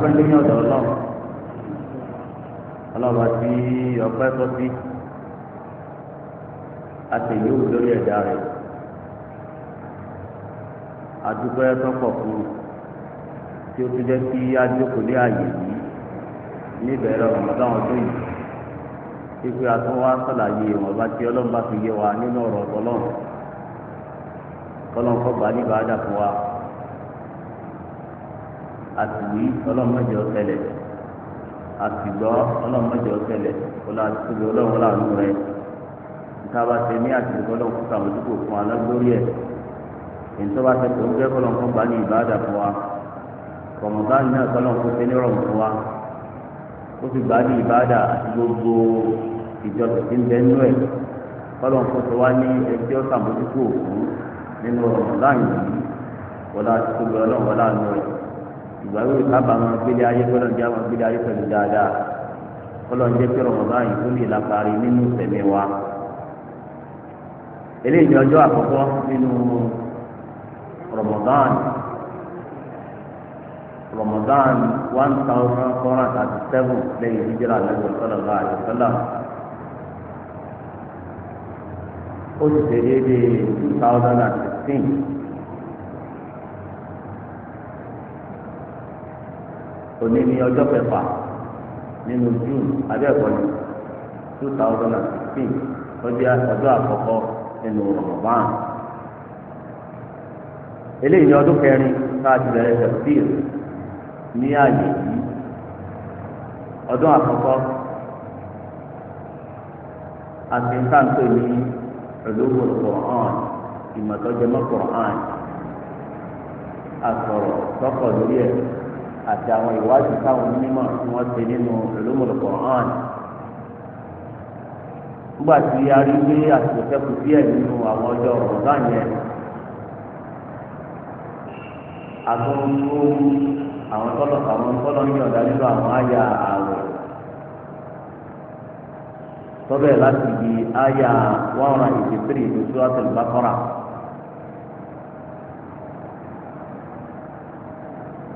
tó ń lé ní ọ̀dọ̀ ọlọ́run ọlọ́run ti ọpẹ́ tó sí àtẹ̀yẹ́wò lórí ẹ̀dá rẹ̀ adúpẹ́ tó pọ̀ fún un tí ó tún jẹ́ kí adókòlé ààyè yìí níbẹ̀rẹ̀ ọ̀mọ̀dá ọdún yìí pípé atúnwá sàlàyé ìwọ̀nba tí ọlọ́run bá fi yé wa nínú ọ̀rọ̀ ọ̀tọ̀ ọlọ́run kọ́lọ́n kọ́ gbà wa. àtìwí ọlọ́mọdé ọ̀tẹlẹ̀ àtìgbọ́ ọlọ́mọdé ọ̀tẹlẹ̀ ọlọ́mọdé ọlọ́wọ́ làánú rẹ ìtaba ní àtìgbọ́ lọ́wọ́ kúta àwọn dúpọ̀ fún alágbórí ẹ̀ ìtọ́ba tẹ ń jẹ́ gbà ní ìbáàdà fún wa wa ó gbà ní ìbáàdà àti gbogbo ìjọ bẹ́ẹ̀ nú ẹ̀ ìgbàlódé kábàá máa gbélé ayé kọ́lọ̀ ń jẹ́ àwọn gbélé ayé pẹ̀lú dáadáa kọ́lọ̀ ń jẹ́ pé rọ̀mọ̀bá yìí tó lè lápárí nínú sẹ̀mí wa. eléyìí ni ọjọ́ àkọ́kọ́ nínú rọ̀mọ̀bá rọ̀mọ̀bá one thousand four hundred thirty seven lẹ́yìn hijira lẹ́yìn ọ̀sọ́lá láàyè ọ̀sọ́lá. ó sì ṣe déédéé two thousand and sixteen. òní ní ọjọ́ kẹfà nínú june abẹ́ẹ̀kọ́ni two thousand and sixteen ọdí ọjọ́ àkọ́kọ́ nínú ramadan eléyìí ní ọdún kẹrin láti bẹ̀rẹ̀ tẹ̀síìl ní ààyè yìí ọdún àkọ́kọ́ àti ntáǹtò ní ẹ̀lówó kọ̀ọ̀án ìmọ̀tọ́jẹmọ́ kọ̀ọ̀án àsọ̀rọ̀ tọkọ̀ lórí ẹ̀ àti àwọn ìwádìí táwọn onímọ̀ tí wọ́n ṣe nínú ulumul Qur'an nígbà tí a rí pé àsìkò kẹ́kù díẹ̀ nínú àwọn ọjọ́ ọ̀gá yẹn àtúntò àwọn tọ́lọ̀ àwọn tọ́lọ̀ ní ọ̀dà nínú àwọn àyà ààwẹ̀ tọ́bẹ̀ láti di àyà one hundred eighty three ní Suratul Baqarah.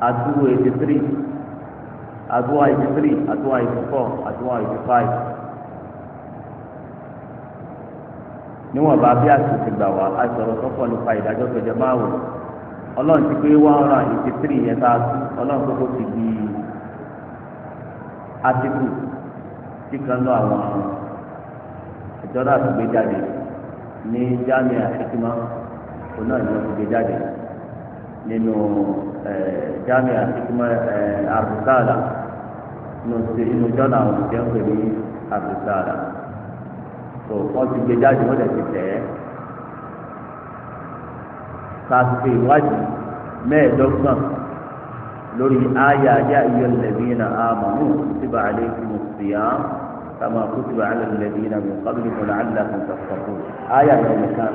at 83 eighty three at one eighty three níwọ̀n bá bí gbà wá a sọ̀rọ̀ sọ́kọ̀ nípa ìdájọ́ tó jẹ máa wò ọlọ́run ti pé one ti di atiku tí kan lọ àwọn jáde jami'a hikima eh, arusala inú jọ́nà àwọn òṣìṣẹ́ ń pè ní arusala tó wọ́n ti gbé jáde wọ́n dẹ̀ ti tẹ̀ ẹ́ kàṣe ìwádìí mẹ́ẹ̀ẹ́dọ́gbọ̀n lórí ayé ayé ayé lẹ́bìínà àmàmù kùtìbà àlékún mùsùlùmí kàmá kùtìbà àlẹ́ lẹ́bìínà mùsùlùmí kọ́bìnrin kọ́lá àlẹ́ àkùnkàn kọ̀ọ̀kọ̀ ayé àyẹ̀wò kan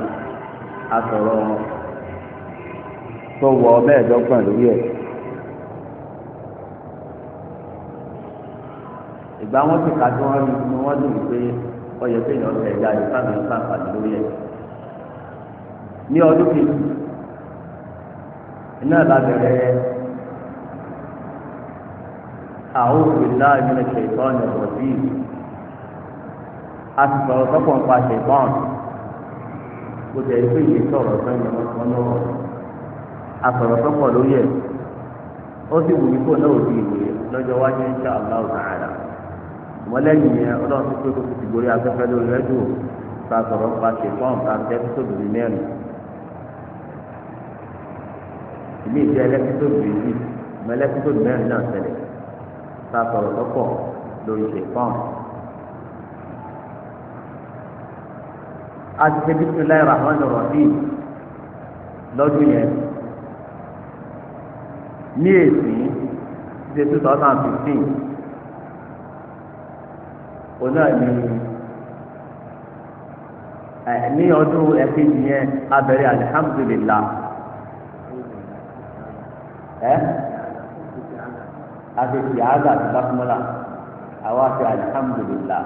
àtọ̀rọ̀ wọn. tó wọ ọbẹ̀ lórí ẹ̀. ìgbà wọn ti ka tí wọn rí ni wọn dùn pé ọyẹ ẹja yìí fáwọn àǹfààní lórí ẹ̀. ní ọdún kejì iná ọ̀rọ̀ a ti sọ̀rọ̀ sọ́kùnrin pa ṣètọ́ bó tẹ̀ ẹ́ pé ìyẹn sọ̀rọ̀ sọ́yìn ọmọ náà. asọ̀rọ̀ tó pọ̀ lórí ẹ̀ ó sì wù mí kó náà di ìwé lọ́jọ́ wájú insha Allah ta'ala mọ́lẹ́yìn yẹn ọlọ́run tó pé kó ti gbórí afẹ́fẹ́ lórí rẹ́díò ta sọ̀rọ̀ pa ṣèpọ́n ta ṣe ẹ́písòdù ní mẹ́rin ìmí ìjẹ́ ẹlẹ́písòdù yìí mọ́ ẹlẹ́písòdù mẹ́rin náà ṣẹlẹ̀ ta sọ̀rọ̀ tó pọ̀ lórí ṣèpọ́n. a ti ṣe bismillahir rahmanir rahim lọ́dún yẹn ní èsì ṣe two thousand fifteen òun náà ní ẹ ní ọdún ẹ̀kejì yẹn abẹ́rẹ́ alihamudulilah ẹ àtẹ̀tì àgbà àti bàtúmọ́là àwọn àti alihamudulilah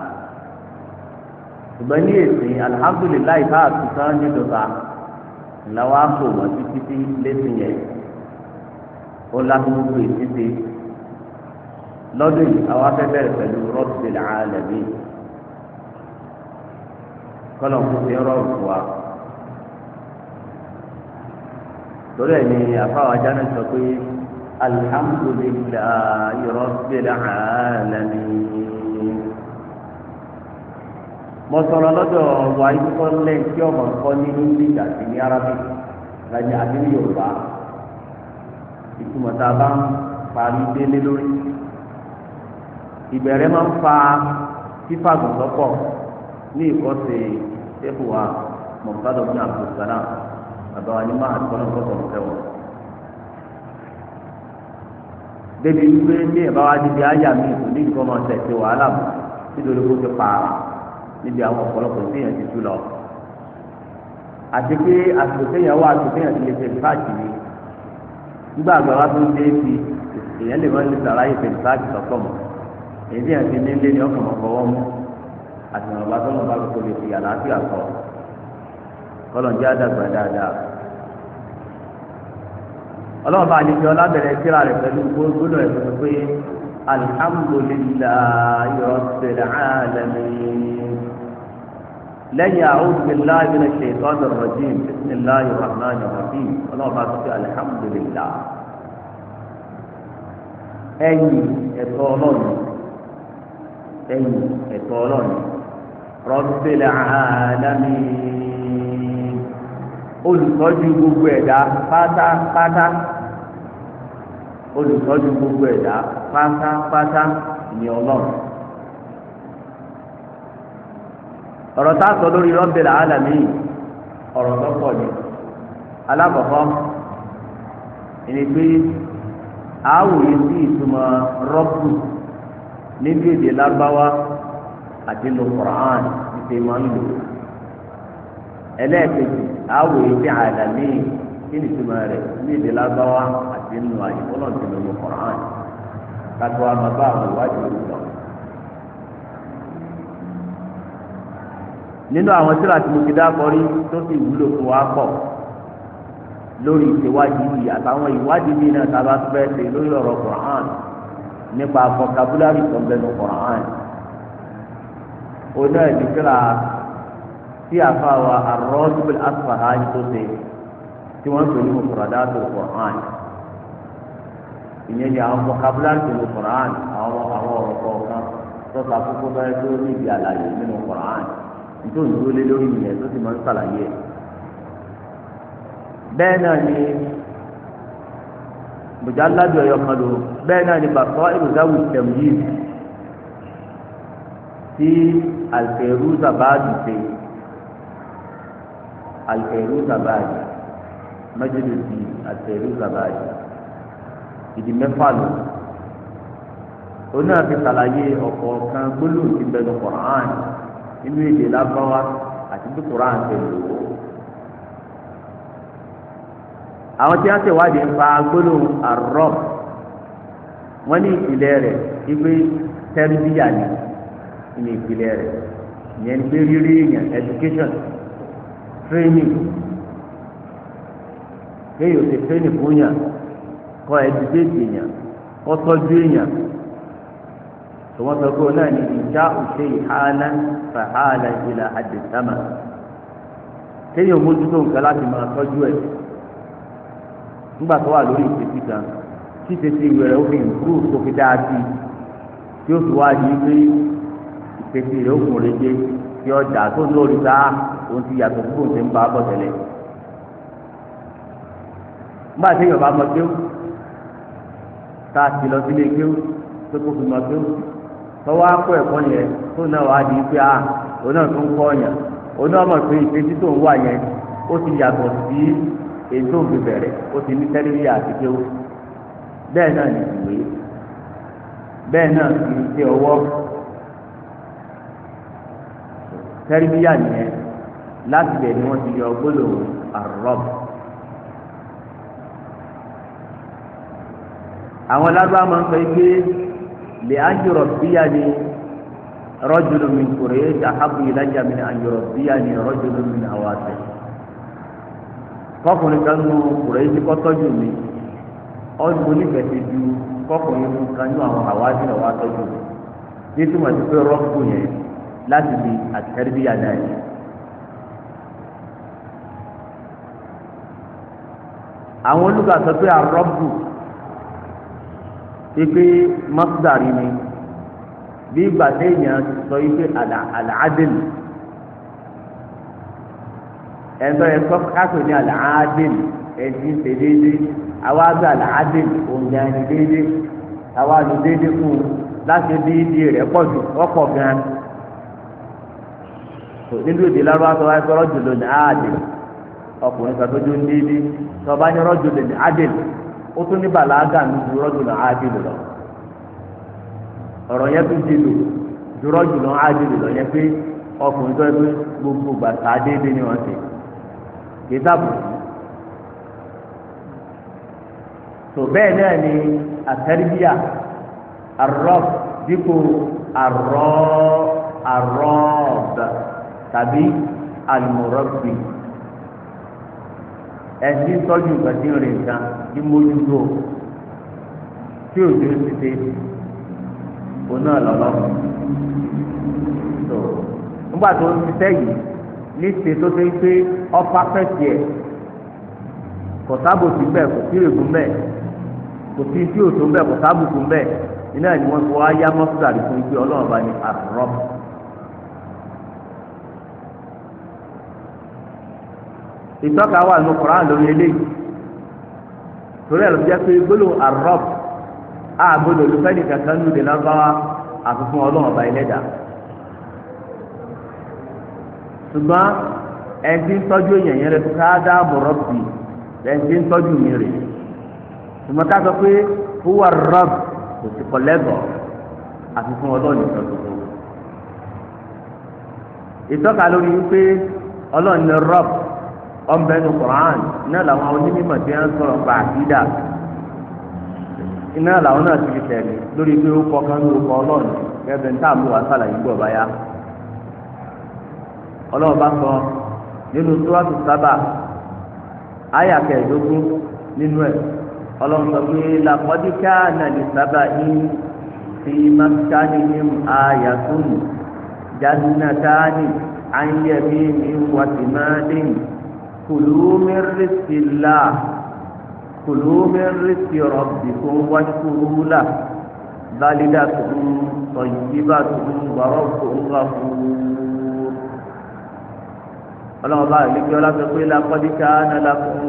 ṣùgbọ́n ní èsì alihamudulilah ìbá àtúntàn ní dọ̀tà làwọn àpò wọn títí lẹ́sìn yẹn ó lágbógbó ìdíje lọ́dún yìí àwọn afẹ́ bẹ̀rẹ̀ pẹ̀lú rọ́bìlì alẹ́bí kọ́lọ̀ kó fi rọ́ọ̀bù wa torí ẹ̀ ní afáwọn ajánu sọ pé alhamdulilayi rọ́bìlì alẹ́bí mo lọ́dọ̀ wa ikú tí ọmọ kọ́ ní english àti ní arabic àti ní yorùbá ìtumọ̀ tá a bá ń parí délé lórí ìbẹ̀rẹ̀ máa ń fa fífàgùn lọ́pọ̀ ní ìkọ́sẹ̀ ṣẹ́fù wa mọ̀tàdọ̀ ní àbùsàlà bàbá wa ní máa tọ́lọ̀ lọ́pọ̀ sẹ́wọ̀n. débi wípé ní ẹ̀bá wa níbi àyà mi kò ní nǹkan máa tẹ̀sí wàhálà mọ́ nítorí kó ti pààrà níbi àwọn ọ̀pọ̀lọpọ̀ téèyàn ti tú lọ. àti pé àsìkò téèyàn wà àsìkò téèyàn ti lè fẹ́ fáàjì mi nígbà àgbà wa tó ń dé fi èèyàn lè má lè sàrà yìí pẹ̀lú sáàkì sọ́kọ̀ mọ́ èyí àti ní ni ọkàn ọ̀fọwọ́ mú àti ìrànlọ́wọ́ tó ń bá kó lè fi àlàáfíà sọ kọ́lọ̀ àdàgbà dáadáa. ọlọ́run bá àlejò ọlábẹ̀rẹ̀ síra rẹ̀ pẹ̀lú gbódò ẹ̀ tuntun pé lẹ́yìn a'udhu billahi minash shaitanir rajim bismillahir rahmanir rahim ọlọ́run bá sọ pé alhamdulillah ẹ̀yìn ẹ̀tọ́ ọlọ́run ẹ̀yìn ẹ̀tọ́ ọlọ́run rabbil alamin olùtọ́jú gbogbo ẹ̀dá pátápátá olùtọ́jú gbogbo ẹ̀dá pátápátá ni ọlọ́run. ọ̀rọ̀ tá a sọ lórí rọ́bìlà alàmì ọ̀rọ̀ tó pọ̀ ni alákọ̀ọ́kọ́ ẹni pé àwòye sí ìtumọ̀ rọ́bù níbi èdè lágbáwá àti lu Qur'an ìpè máa ń lò ẹlẹ́ẹ̀kejì àwòye sí alàmì kí ni ìtumọ̀ rẹ̀ ní èdè lágbáwá àti nù àyè fọlọ́ọ̀tì lu Qur'an kátó àmọ́ àwọn ìwádìí lò nínú àwọn tíra tí mo ti dákọrí tó sì wúlò fún wa pọ̀ lórí ìṣèwádìí yìí àtàwọn ìwádìí bíi náà tá a bá fẹ́ ṣe lórí ọ̀rọ̀ Qur'an nípa vocabulary tó ń bẹnu Qur'an oná ẹ̀dí tíra tí a fa wa ar-Ratib al tó ṣe tí wọ́n pè ní mufradat al-Qur'an ìyẹn ni àwọn vocabulary tó ní Qur'an àwọn ọ̀rọ̀ kọ̀ọ̀kan tó ta kókó bẹ́ẹ̀ tó níbi àlàyé nínú Qur'an tó ń dúró lé lórí ìyẹn tó sì máa ń ṣàlàyé ẹ̀. bẹ́ẹ̀ náà ni bùjá ládùú ẹ̀yọ kan lò bẹ́ẹ̀ náà ni bàtọ́ ìbùdáwù tẹ̀wù yìí tí àlùfẹ̀rù sàbáàdì ṣe àlùfẹ̀rù sàbáàdì mẹ́jọ́lù sí àlùfẹ̀rù sàbáàdì ìdí mẹ́fà lò oní àti ṣàlàyé ọ̀kọ̀ọ̀kan gbólóhùn ti bẹnu kọ̀ọ̀án. nínú èdè lábáwá àti bí koran ṣe lò ó. àwọn tí wọ́n ṣe wádìí ń pa gbólóhùn àrọ́ wọ́n ní ìgbé ni ní ìpìlẹ̀ rẹ̀ ìyẹn gbé rírí ya education training kéèyàn ṣe training fún yàn educate tí wọ́n sọ pé ó náà ní ìjà òṣè ìhálà fàhálà ìlà àdìsámà kéèyàn mójútó nǹkan láti máa tọ́jú ẹ̀ nígbà tó wà lórí ìfèsì kan tí ìfèsì ìwé rẹ̀ ó fi ìkúrú tó fi dáa sí tí ó fi wá di pé ìfèsì rẹ̀ ó kùn rédé tí ọjà tó ń lórí sáà òun ti yàtọ̀ fún òun ń bá a bọ̀ tẹ́lẹ̀ nígbà tí èèyàn bá kéwù tá a ti lọ sílé kéwù tó kó fi mọ kéwù tọ́wọ́ akọ ẹ̀kọ́ yẹn tó náà wàá di pé a ah, òun náà tó ń kọ́ ọ̀yàn òun tó ń wà yẹn ó ti yàtọ̀ sí èyí tó ń fi bẹ̀rẹ̀ ó ti ní tẹ́lifíà bẹ́ẹ̀ náà ní ìwé bẹ́ẹ̀ náà ọwọ́ láti bẹ̀ ti yọ àwọn máa ń lè ájúrò bíyà ni rọ́jòló mi kúrè é àhábù ìlàjà mi àjòrò bíyà ni rọ́jòló mi àwọn àtẹ. kọkùnrin kan nù kúrè é ti kọ́ tọ́jú mi ọdún onífẹ̀ẹ́ ti ju kọkùnrin kan nù àwọn àwájú náà wá tọ́jú mi nítorí wọn ti pé rọ́pù yẹn láti di àtẹ̀rẹ́bíyà náà yẹn. àwọn olùkọ́ àtọ́ pé àrọ́pù. ipe masdari ni bí ìgbà téèyàn sọ ipe àlàádìl ẹ̀ńtọ́ yẹn sọ káàtó ní àlàádìl ẹ̀ńtí ṣe déédéé àwa gba àlàádìl òǹdà ẹni àwa lò fún un láti bí rẹ̀ pọ̀ jù ọ̀pọ̀ gan nínú èdè wáyé sọ rọ́jò lónìí àádìl ọkùnrin kan tó dún sọ bá ní rọ́jò lónìí àádìl. ó tún ní bàlágà ní dùrọ́jùlọ ádìlù lọ ọ̀rọ̀ yẹn tún dìlù dùrọ́jùlọ ádìlù lọ yẹn pé ọkùnrin tó yẹ pé gbogbo gbàtà déédéé ni wọ́n ti kì í sábùkù tó bẹ́ẹ̀ náà ni àtẹ́rìbíà àrọ́ dípò àrọ́ àrọ́ọ̀bà tàbí àlùmọ̀rọ́bì ẹ̀sìn tọ́jú ìgbà tí ń rìn kan mímójútó tí òjò ti dé o náà lọ́lọ́ tó nígbà tó ń ṣiṣẹ́ yìí níṣe tó ṣe ń pé ọfà fẹ́ẹ̀tì ẹ̀ kò sábòsí bẹ́ẹ̀ kò sí ègún bẹ́ẹ̀ kò sí tí òtó bẹ́ẹ̀ kò sábòkú bẹ́ẹ̀ iná ni wọ́n fi wá yá mọ́sítàrí fún ipe ọlọ́run bá ní àrọ́. ìtọ́ka wà ní Kùránì lórí eléyìí torí ẹ̀ ló jẹ́ pé gbólóhùn arọ́b àgbọ̀dọ̀ olùfẹ́ni kankan ló dé lágbára àfikún ọlọ́run ọba ẹlẹ́dà ṣùgbọ́n ẹni tí ń tọ́jú èèyàn yẹn rẹ káàdá mọ̀rọ́bì ẹni tí ń tọ́jú mi rè ṣùgbọ́n ká sọ pé fúwà rọ́b kò sí kọ́lẹ́gọ̀ àfikún ọlọ́run ìtọ́ tuntun ìtọ́ka lórí wípé ọlọ́run ní rọ́b ọ̀nbẹ́nu Quran iná làwọn onímọ̀ tí wọ́n sọ̀rọ̀ pa àkídà iná làwọn náà ti fi tẹ̀lé lórí pé ó kọ́ kánú ó kọ́ ọlọ́run gẹ́gẹ́ ní táàmù wa sàlàyé gbọ́ báyà bá sọ nínú sábà àyà nínú ẹ̀ sọ pé ní sábà fi àyà tóun kùlùmírìsìlá kùlùmírìsì rọ̀bìkún wáṣúrúlà bálídà tún tọ̀yìnbá tún wàrọ̀kún wàhùn. ọlọ́run bá ìlú kí ọlọ́run sọ pé lakọ́díkà náà lakún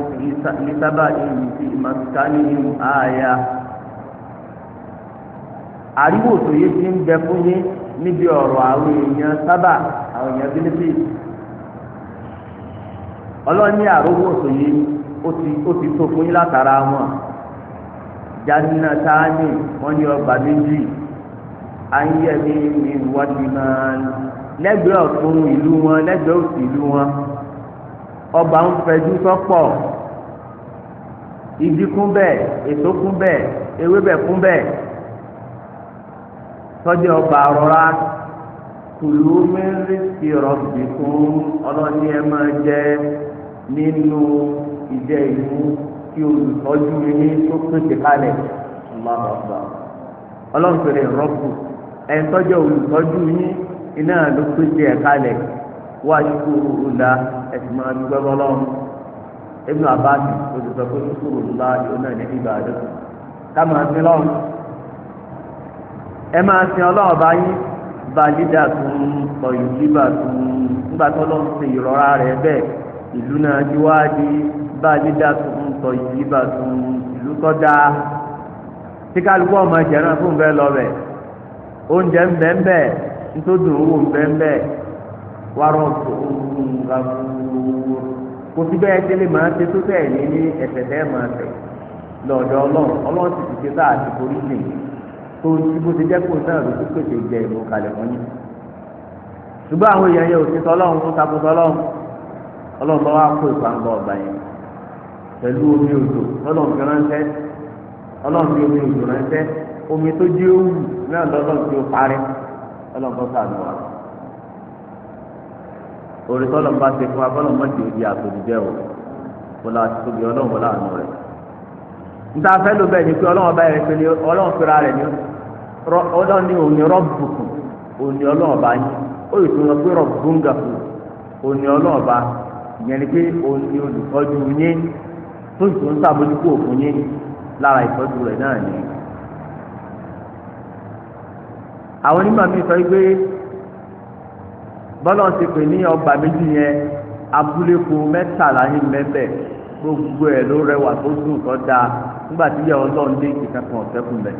ní sábà ìlú sí ìmọ̀síkánì ìlú ààyà. àríwò tó yé ti ń bẹ fún yín níbi ọ̀rọ̀ àwọn èèyàn sábà àwọn èèyàn bínísì ọlọ́ni àròwòsàn yìí ó ti ó ti tó fún yín látara wọn janna tani wọn ní ọgbà méjì ayé ni mi wá ti máa ń lẹ́gbẹ̀ẹ́ ọ̀tún ìlú wọn lẹ́gbẹ̀ẹ́ òsì ìlú wọn ọba ń fẹjú sọ́pọ̀ igi kún bẹ́ẹ̀ èso kún bẹ́ẹ̀ ewébẹ̀ kún bẹ́ẹ̀ tọ́jú ọba rọra kùlù mẹ́rìndínlẹ́sì rọ̀bì fún ọlọ́ni ẹ máa jẹ nínú ìjẹ ìlú tí olùtọ́jú yín tó kéde kalẹ̀ ọlọ́mọba ọlọ́run pèrè rọ́bù olùtọ́jú iná ló kéde ẹ̀ kalẹ̀ ọ̀la ẹ̀sìn máa ń gbẹ́ ọ̀la yóò náà ká balida tún ọ̀yùnjíbà tún nígbà tó lọ́n ṣe rẹ̀ bẹ́ẹ̀ ìlú náà ti wá di balida tún ọ̀yùnjíbà tún ìlú tó dáa tí kálukú ọmọ jẹ̀rán fún bẹ́ẹ̀ lọ bẹ̀ oúnjẹ ń bẹ́ẹ̀ bẹ́ẹ̀ ntódò owó ń bẹ́ẹ̀ bẹ́ẹ̀ wárọ̀ tó ń ga kò kó o ti bó ti jẹ́ kó o sẹ́yìn lójú pèsè jẹ ìbò kalẹ̀ fún yín ṣùgbọ́n àwọn èèyàn yẹn ò ti tọ́lọ́run tó takò tọ́lọ́run ọlọ́run bá wá kó ìpàǹgbọ́ ọ̀gbà yẹn pẹ̀lú omi òjò ọlọ́run fi ránṣẹ́ ọlọ́run fi omi òjò ránṣẹ́ omi tó náà lọ́lọ́run fi parí ọlọ́run bá wa orí bá fún nta fẹ́ ló bẹ́ẹ̀ ni pé ọlọ́run ọba yẹn pẹ̀lú ọlọ́run pẹ̀lú rẹ ni ọlọ́run ni òní òní ọba ó yìí tó pé òní ọba ni pé òní olùtọ́jú tó yìí tó ń sàbójúkú òfin lára ni. àwọn onímọ̀ mi sọ pé bọ́lá ti gbogbo ẹ̀ ló rẹwà tó dùn tó dáa nígbà tí ìyàwó ọlọ́run dé ìkẹkẹ kan ọ̀sẹ́kùn bẹ̀.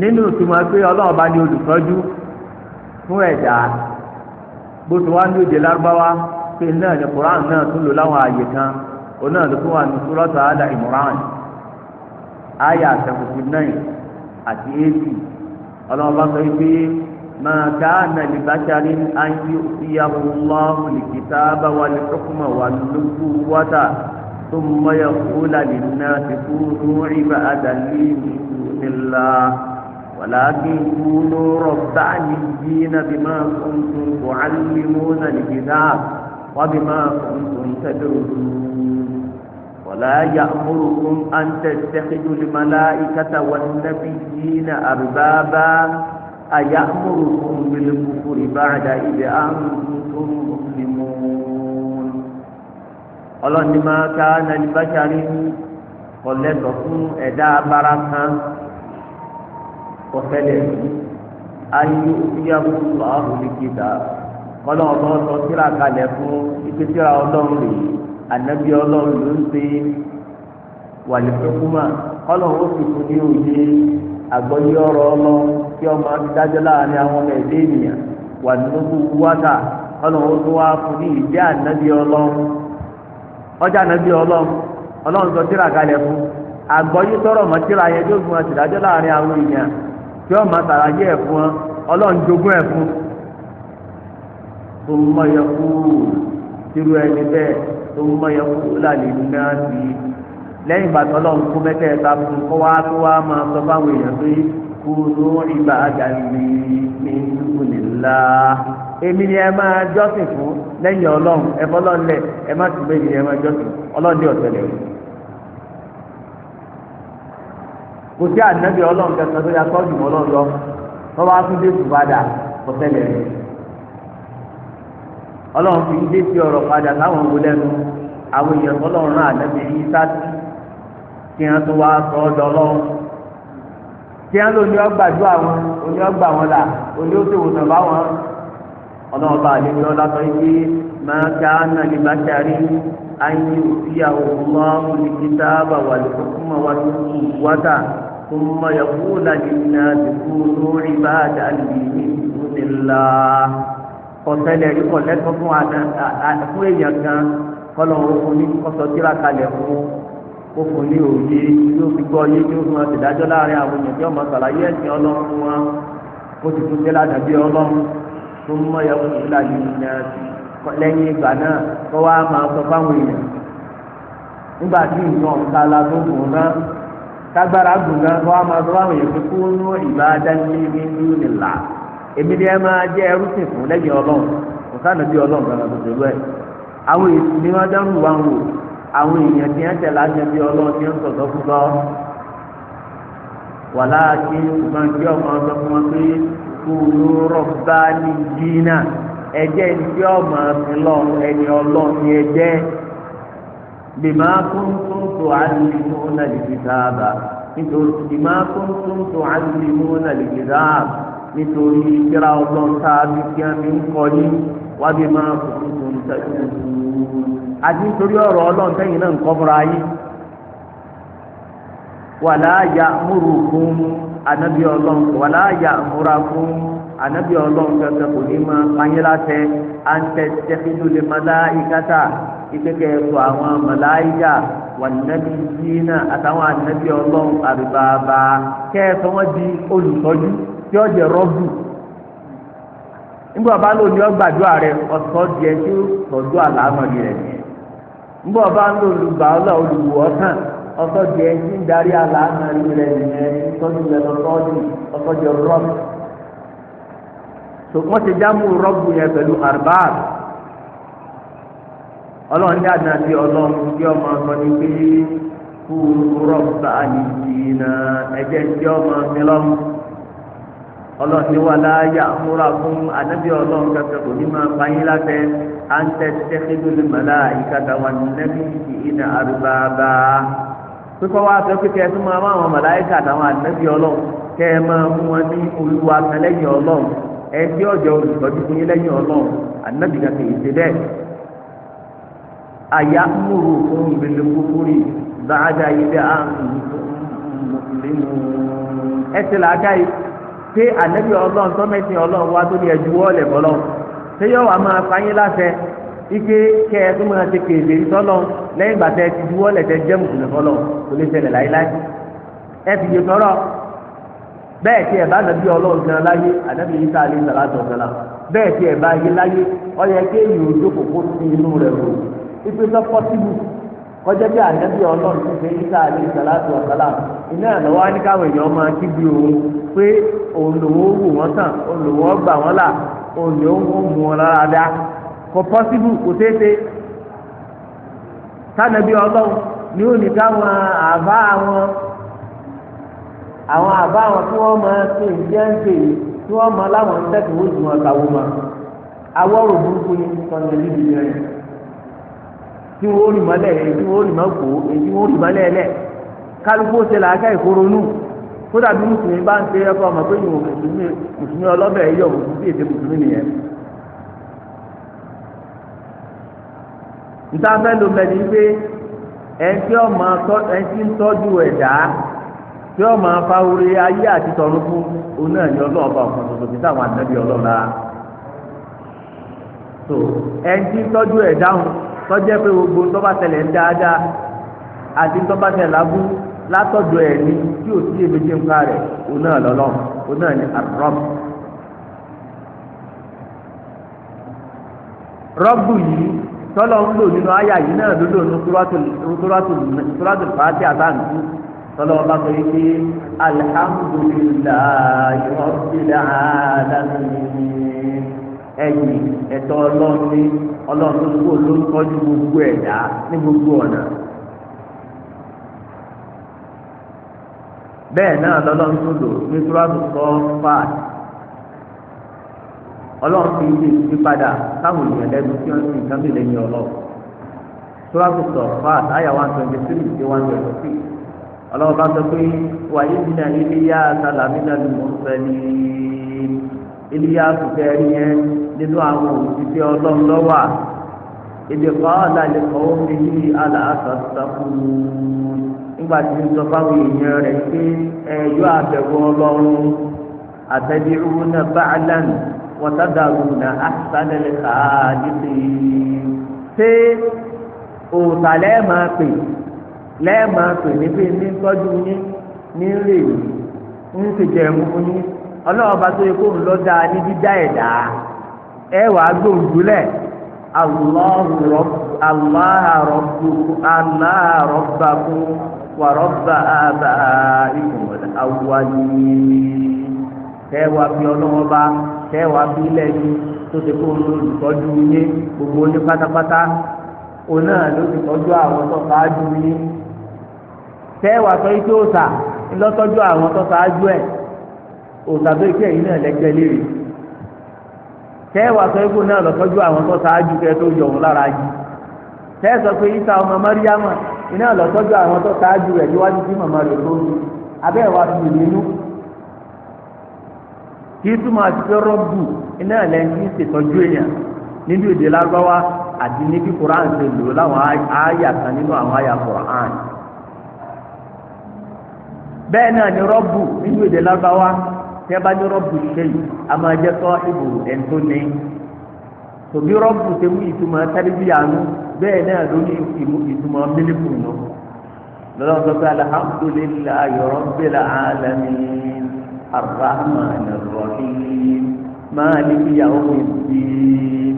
nínú ìtumọ̀ pé ọlọ́run bá ní olùtọ́jú fún ẹ̀dá bó ti wá ní òde lárúbáwá pé náà ní náà tún lò láwọn ààyè kan òun náà ló ní ما كان لبشر أن يؤتيه الله الكتاب والحكم والنبوة ثم يقول للناس كونوا عبادا لي من دون الله ولكن كونوا ربانيين بما كنتم تعلمون الكتاب وبما كنتم تدرسون ولا يأمركم أن تتخذوا الملائكة والنبيين أربابا أيأمركم بالكفر بعد إذ أنتم مسلمون ọlọ́ni máa ká nàní báṣárí kọ̀lẹ́tọ̀ fún ẹ̀dá abara kan kọ̀fẹ́lẹ̀ ayé ìyàwó lọ́hùn ní kíta kọ́lọ́ ọlọ́run sọ síra kalẹ̀ fún ike síra ọlọ́run rè ànábì ọlọ́run ló ń ṣe kí ọmọ adájọ́ láàrin àwọn ọmọ ẹ̀dẹ́ ènìyàn wà nínú wáta ọlọ́run tó wá fún ní ìdí ànábì ọlọ́run ọjà ànábì ọlọ́run ọlọ́run sọ tíra kalẹ̀ fún àgbọ̀yé tọrọ ma tíra yẹn tó fún àtìdájọ́ láàrin àwọn èèyàn kí ọmọ àtàràjẹ́ ẹ̀ fún ọlọ́run jogún fún tó mọ yẹ tìrú ẹni tó mọ yẹ ìgbà kú fún wá tó wá máa sọ fáwọn kúrò ìgbà àgàlì ní ìdúgbòlè èmi ni ẹ máa jọ́sìn fún lẹ́yìn ọlọ́run ẹ fọlọ́run lẹ̀ ẹ má tún bẹ́ẹ̀ ni ẹ máa jọ́sìn ọlọ́run dé lẹ̀ kò sí ànábì ọlọ́run kẹsàn-án tó yà ọlọ́run lọ wọ́n bá tún dé lẹ̀ ọlọ́run fi dé sí ọ̀rọ̀ padà wo lẹ́nu àwọn èèyàn ànábì yìí sá tí wọn lò ní ọgbà ju àwọn oní ọgbà wọn là oní ó ti wòsàn bá wọn ọlọ́ọ̀bà àlejò ọlọ́tọ̀ yìí máa ká nàní bá sáré ayé òfìyà òkúmọ́ olùkíta bàwà lùkúmọ́ wáta ثم يقول للناس كونوا عبادا لي من دون الله kọsẹlẹ ikọ lẹtọ fún èèyàn kan kọlọ òfin ní kọsọ tíra kalẹ̀ fún ó ní òye yóò fi gbọ́ yé yóò fi máa ṣèdájọ́ láàrin àwọn èèyàn tí ọmọ sàlàyé ẹ̀sìn ọlọ́run fún wọn ó ti tún ṣe ládàbí ọlọ́run tó ń mọ̀yọ́ ìyá lẹ́yìn ìgbà náà kó wá máa sọ fáwọn èèyàn nígbà tí nǹkan ọ̀tá la tó gùn náà tágbára gùn náà kó wá máa sọ fáwọn èèyàn pé kó ní àwọn èèyàn tí wọ́n tẹ̀lé àṣẹ bí ọlọ́run tí wọ́n sọ̀tọ̀ fún lọ. wàhálà kí ṣùgbọ́n kí ọmọ sọ fún wọn pé kó ló rọ̀bá ní dínà ẹ̀jẹ̀ ní kí ọmọ sí lọ ẹni ọlọ́run ní ẹ̀jẹ̀ bìmá kúntùn tó àlùmí ọ̀nà lìkìtàbà nítorí bìmá kúntùn tó àlùmí ọ̀nà lìkìtàbà nítorí ìjìra ọlọ́run tá kí wọ́n fi ń kọ́ yín wábìmá kúntùn àti nítorí ọ̀rọ̀ ọlọ́run tẹ́yìn náà ń kọ́ fúnra yín wàlá ya múrukún anabi ọlọ́run wàlá ya múrakún anabi ọlọ́run kẹfẹ kò ní máa pányínlá tẹ àǹtẹ tẹfínú lè màláìkátà ìkẹkẹ ẹfọ àwọn màláìkà wàlẹ́bí yínà àtàwọn anabi ọlọ́run àbíbàbà kẹfẹ wọn di olùtọ́jú tí ó jẹ rọ́bù nígbà bá lóni ọgbàdo ààrẹ ọ̀sọ́ diẹ tí ó tọ́jú àlámọ̀ rẹ̀ ni nbọ bá ń lò olùgbà ọlọ olùwọ tán ọtọ di ẹni ń darí àlànà rẹ nìyẹn tọdún rẹ lọtọ di ọtọ di rọb wọn ti dámú rọbù yẹn pẹ̀lú arbab Ọlọ́run ní àdàbí Ọlọ́run tí ọmọ ọmọ ní pé kú rọbà nìyína ẹjẹ tí ọmọ mílọmù Ọlọ́run ní wàlá yà múra fún àdàbí kẹfẹ kò ní máa bá yín lábẹ́. أن تتخذوا الملائكة والنبيين أربابا pípọ́ wá sọ pé kẹ́ ẹ tún máa máa wọn màláìkà àtàwọn ànábì ọlọ́run kẹ́ ẹ máa mú wọn ní olúwa kan lẹ́yìn ọlọ́run ọjọ́ olùtọ́jú fún yín lẹ́yìn ọlọ́run ànábì kan kì bẹ́ẹ̀. àyà múru fún ìbílẹ̀ kúkúrì báadá ilé àrùn mùsùlùmí. ẹ ti làákàyè pé ànábì ọlọ́run tọ́mẹ́sìn ọlọ́run wá tó ní ẹjú wọ́ọ̀lẹ̀ bọ́lọ́run. ṣé yọ wà máa fáyín láṣẹ ike kẹ ẹ tó máa ṣe kéde sọlọ lẹ́yìn ìgbà tẹ ti juwọ́ lẹsẹ jẹ mùsùlùmí fọlọ kò lè ṣẹlẹ̀ láyéláyé ẹ fi yé sọ̀rọ̀ bẹ́ẹ̀ tí ẹ bá nàbí Ọlọ́run kan láyé ànábì yìí sáà lè sàlá la ẹ bá yé láyé ọyẹ ipe kọjá bí ti yìí sáà lè sàlá la iná òun pé onye ń mú ọ lára dá kò pọ́síbù kò tètè ni ó ní káwọn ava àwọn àwọn àbá àwọn tí wọ́n máa ṣe ìjẹ́ ń ṣe tí wọ́n máa láwọn ń tẹ̀sí wọn kàwọ́ ma awọ́rò burúkú ni níbi tí ó rì èyí kódà bí mùsùlùmí bá ń ṣe ẹ̀kọ́ ọmọ pé ìwọ mùsùlùmí mùsùlùmí ọlọ́bẹ̀ yíyọ mùsùlùmí èdè mùsùlùmí nìyẹn. níta fẹ́ ló mẹ́ni pé ẹ̀ńtí ọmọ ẹ̀ńtí ń tọ́jú ẹ̀dá tí ọmọ afáwúre ayé àti fún òun náà ní ọlọ́ọ̀bà ọ̀kan tuntun táwọn àtẹ́bí ọlọ́ọ̀la. tó tọ́jú tọ́jẹ́ pé gbogbo ń dáadáa àti látọ̀dọ̀ ẹni tí ò sí èméjì ńpa rẹ̀ òun náà lọ́lọ́ òun náà ni àrọ́b. rọ́bù yìí tọ́lọ̀ ń lò nínú àyà yìí náà ló lò ní túrọ́tù fàátì àtàǹtù tọ́lọ̀ ọba sọ yìí pé alihamudulilayi rabbil alamin ẹ̀yìn ẹ̀tọ́ tó kó gbogbo ẹ̀dá ní gbogbo ọ̀nà. bẹ́ẹ̀ náà lọ́lọ́run tó lò ní túrọ́dù sọ fáà ọlọ́run fi ilé ìsúté padà táwọn èèyàn lẹ́nu tí wọ́n ti nǹkan bí lẹ́yìn ọlọ́run túrọ́dù sọ fáà àyà one twenty three sí one twenty six ọlọ́run bá sọ pé wàyí nínú ilé yá sàlámínà ló ń fẹ́ ní ilé sùkẹ́ ẹ̀rí yẹn nínú àwọn òṣìṣẹ́ ọlọ́run lọ́wọ́ à ìdí kọ́ọ̀lá lè kọ́ omi ní aláàtọ̀ sọ́kùn nígbà tí ń sọ fáwọn èèyàn rẹ̀ pé ẹ̀yọ́ àbẹ̀wò ọlọ́run àtẹ̀dírú náà báàlán wọ́tàdàrú náà àṣàlẹ̀ káàdìsí. ṣé òòtà lẹ́ẹ̀máa pè lẹ́ẹ̀máa pè ní pé ní tọ́jú yín ní rè ń sì jẹ̀mú yín ọlọ́ọ̀bá tó yẹ kó ń lọ́ dáa ní dídá ẹ̀dá ẹ̀ wàá gbòǹdúlẹ̀. الله رب الله ربكم الله ربكم ورب آبائكم الأولين kẹwàá fi ọlọ́wọ́ bá kẹwàá fi ilẹ̀ yìí tó ti kó olùtọ́jú yín gbogbo ní pátápátá òun náà ló ti tọ́jú àwọn tó ńlọ́tọ́jú àwọn tó ẹ̀ náà léèrè. tẹ́wàá sọ ikú náà lọ́tọ́jú àwọn tó ṣáájú kẹ́ tó yọ òun lára yìí tẹ́ sọ pé isa ọmọ mọ́ríyámà iná lọ́tọ́jú àwọn tó ṣáájú rẹ̀ níwájú sí màmá rẹ̀ tó ní abẹ́ ìwà fi lè nínú kí túmọ̀ àti pé rọ́bù iná lẹ́yìn èèyàn nínú èdè àti ní kí koran ṣe lò láwọn àyà kan nínú àwọn àyà koran bẹ́ẹ̀ náà ni tí a bá ní rọ́bù ṣe yìí a máa jẹ́ tọ́ ìbò ẹ̀ńtó ní. tòbí rọ́bù ṣe mú ìtumọ̀ tẹ́lifíà nù bẹ́ẹ̀ náà ló ní ìtumọ̀ mílíkù nù. lọ́dọ̀ sọ pé alhamdulillahi rabbil alamin arrahmanir rahim maliki yawmiddin.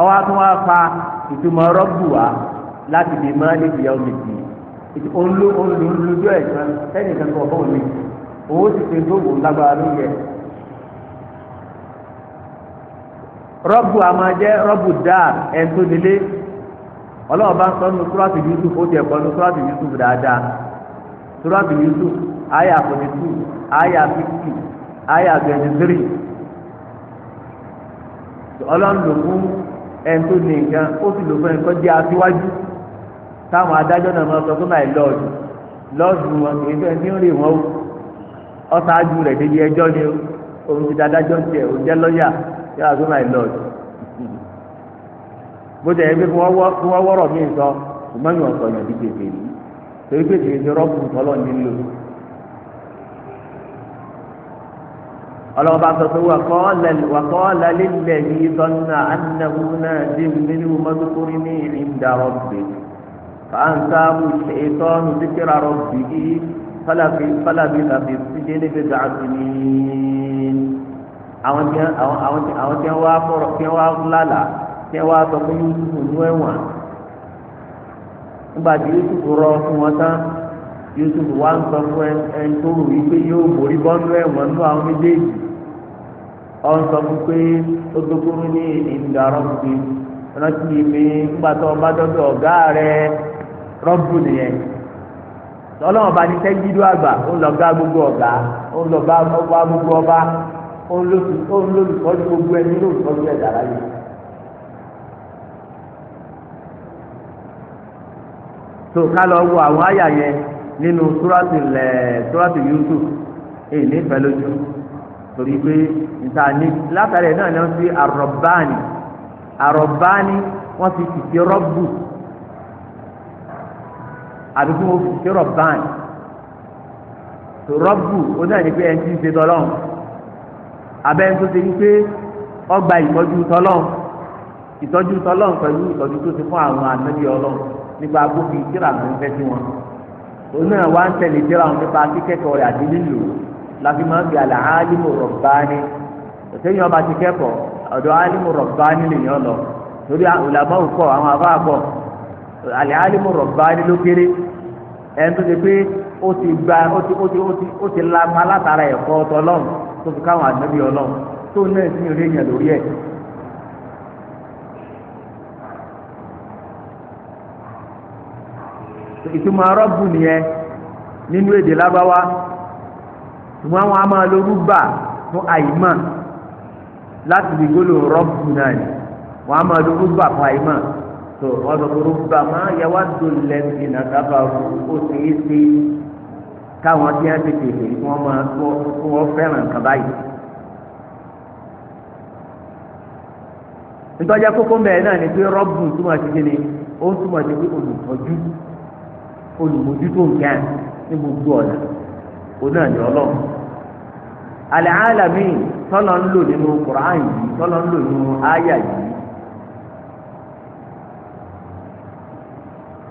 ọwọ́ tó wá fa ìtumọ̀ rọ́bù wa láti di maliki yawmiddin. olú olú olú ojú ẹ̀ sẹ́ni kankan fún mi. owó ti fi dóòbò lágbára ló yẹ. rọ́bù àmàjẹ́ rọ́bù dáa ẹ̀ńtó nílé bá ń sọ nínú túrọ́tì yusuf ó ti ẹ̀kọ́ nínú túrọ́tì yusuf dáadáa túrọ́tì yusuf àyà forty two àyà fifty àyà twenty three ó sì ọ̀sáájú rẹ̀ débi ẹjọ́ ni òun ti dádájọ́ tiẹ̀ òun jẹ́ lọ́ọ̀yà yóò wá sí my lord bó tẹ̀ ẹ́ pé fún wọ́n wọ́rọ̀ mí sọ ṣùgbọ́n mi ò sọ yàn dídè torí pé kìí ṣe rọ́ọ̀bù tọ́lọ̀ nílò. ọlọ́wọ́ sọ pé wàkọ́ lálẹ́lẹ̀ yìí dọ́nà ànáwó náà dé nínú mọ́tòkórí ní ìrìndà rọ̀bì fàǹtà ṣètọ́nù dìkìrà rọ̀bì yìí falabi falabi tàbí sídé níbi gàá sí ní àwọn tí àwọn tí wọ́n wá fọ̀rọ̀ tí wọ́n wá lálà tí wọ́n wá sọ pé Yusuf nú ẹ̀wọ̀n nígbà tí Yusuf rọ fún wọn tán Yusuf wá ń sọ fún ẹni tó rò wípé yóò borí bọ́ńdú ẹ̀wọ̀n nú àwọn méjèèjì ọ̀ ń sọ fún pé ó dókòrò ní ìdàrọ́ fi rántí mi nígbà tó ọba dọ́dọ̀ ọ̀gá rẹ̀ rọ́bù nìyẹn ọlọ́run bá ní sẹ́yìndó àgbà ó lọ gá gbogbo ọ̀gá ó lọ bá ọba gbogbo ọba ó ń lólùkọ́jú gbogbo ẹni lólùkọ́jú ẹ̀dá láyé. tó ká lọ wo àwọn àyà yẹn nínú túrọ́tì lẹ̀ túrọ́tì Yusuf èyí nífẹ̀ẹ́ lójú torí pé níta ní látàrí ẹ̀ náà ni wọ́n fi àrọ̀báàní ni wọ́n fi tìtì rọ́bù àbí kí wọ́n fi ṣe rọ̀bán rọ́bù ó náà ní pé ẹni tí ń ṣe tọ́lọ́n abẹ́ni tó ṣe wípé ọgbà ìtọ́jú tọ́lọ́n ìtọ́jú tọ́lọ́n pẹ̀lú ìtọ́jú tó ṣe fún àwọn ànábì ọlọ́run nípa gbófi tíra mi ń fẹ́ sí wọn ó náà wá ń tẹ̀lé tíra wọn nípa kíkẹ́kọ̀ọ́ rẹ̀ àti lílò láti máa ń gbé àlà álímù rọ̀bání òṣèyàn ọba ti kẹ́kọ̀ọ́ ọ̀dọ̀ álímù rọ̀bání lèèyàn lọ torí ulama òkọ̀ àwọn àbá àpọ̀ al-alimu rabbani ló kéré ẹni ti pé ó ti gba ó ti ó ti ó ti ó ti la ma látara ẹ̀kọ́ ọ̀tọ̀ ọlọ́run tó fi káwọn àdébí ọlọ́run tó náà sí ìrè yẹn lórí ẹ̀. ìtumọ̀ rọ́bù nìyẹn nínú èdè lábáwá ṣùgbọ́n àwọn a máa lo rúbà fún àyímọ̀ láti fi gbólóhùn rọ́bù náà wọ́n a máa lo rúbà fún àyímọ̀ tó wọn lọ rúbà má yàwá tó lẹ́sìn náà dábà ó sì é ṣe káwọn tí wọn ti tètè kí wọn máa tó kí wọn fẹ́ràn kan báyìí. nítorí akókó mẹ́rin náà ni pé rọ́bù túmọ̀ sí kí ni ó ń túmọ̀ sí pé olùtọ́jú olùmójútó nǹkan ní gbogbo ọ̀nà òun náà ní ọlọ́run. àlẹ́ àlàmì tọ́lọ́ ń lò nínú Kùránì yìí tọ́lọ́ ń lò nínú áyà yìí.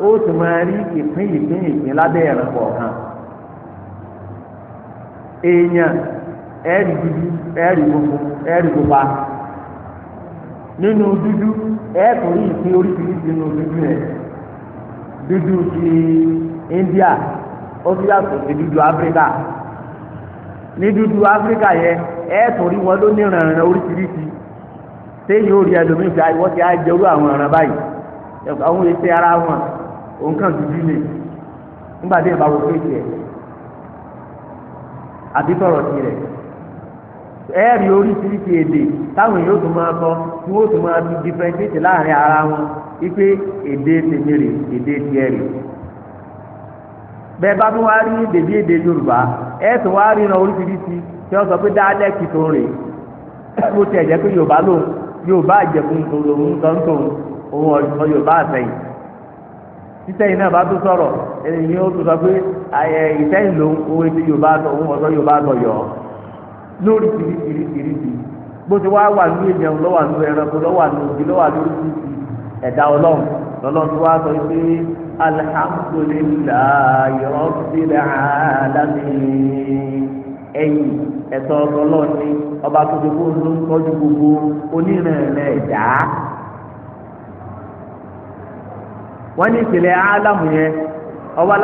ó sì máa rí ìpín ìpín ìpín lábẹ́ ẹ̀rọ kọ̀ọ̀kan èèyàn ẹ̀rì dúdú ẹ̀rì funfun ẹ̀rì nínú dúdú ẹ̀ẹ́kùn rí ìpín oríṣiríṣi nínú dúdú dúdú ti India ó sì yàtọ̀ sí dúdú Áfíríkà ní dúdú Áfíríkà yẹn rí wọn ló ní ìrànràn oríṣiríṣi téèyàn ò rí òun kàn ti dí lè nígbà tí ẹ bá wo kéèkì ẹ àbí tọrọ ti rẹ ẹẹrí oríṣiríṣi èdè táwọn èèyàn tó máa tí wọn tó máa láàrin ara wọn wípé èdè tèmi rè èdè tiẹ̀ rè bẹ́ẹ̀ bá tún wá rí bèbí èdè Yorùbá ẹ tún wá rí ran oríṣiríṣi tí wọn sọ pé dáálẹ́kì tó rè bó tiẹ̀ jẹ́ pé títẹ̀yìn náà bá tó sọ̀rọ̀ ènìyàn ó tó sọ pé ayẹ ìtẹ́yìn ló ń owó tí yorùbá sọ òun ọ̀sọ́ yorùbá sọ yọ lórí tìrìtìrìtìrìtì bó ti wá wà ní ènìyàn lọ́wọ́ àlú ẹranko lọ́wọ́ àlú òbí lọ́wọ́ ẹ̀dá ọlọ́run lọ́lọ́run tó wá sọ pé alihamudulilayi ẹ̀yìn ẹ̀tọ́ ọba tó ti kó gbogbo ẹ̀dá wọ́n ní ìpìlẹ̀ alamu yẹn ọwọ́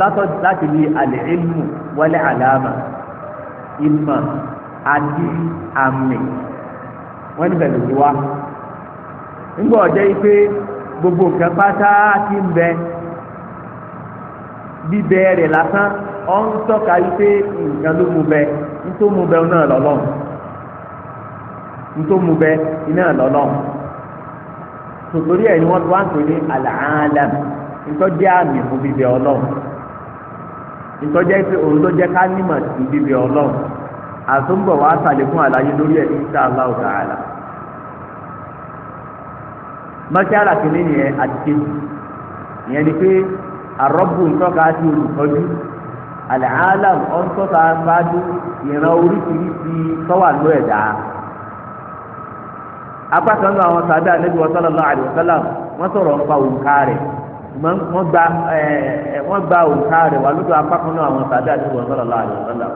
látọ̀ láti di alẹ́ ilmu wọlé àlàmà ìmọ̀ àti àmì wọ́n ní bẹ̀rẹ̀ ló nígbà ọ̀jẹ́ yìí pé gbogbo nǹkan pátá ti ń bẹ bíbẹ rẹ̀ lásán ọ̀ ń tọ́ka yìí pé nǹkan ló mú bẹ nítorí mú bẹ náà tòtòrí ẹ̀ ni wọ́n ti wá ń pè ní al-alam ìtọ́jú àmì fún bíbẹ ọlọ́run ìtọ́jú ẹ̀ pé òun ló jẹ́ ká nímọ̀ sí bíbẹ ọlọ́run àtúnbọ̀ wá sàlékún àlàyé lórí ẹ̀ insha Allah ta'ala. mọ́ṣáàlà kìíní yẹn àti kejì ìyẹn ni pé àrọ́bù ńtọ́ka sí olùtọ́jú al-alam bá dún ìran oríṣiríṣi tọ́wà ló ẹ̀dá. apákan náà àwọn sàbẹ àlejò sallallahu alaihi wọn sọ̀rọ̀ nípa òǹkà rẹ̀ wọn gba gba òǹkà rẹ̀ wà lójú apákan náà àwọn sàbẹ àlejò sallallahu alaihi wasallam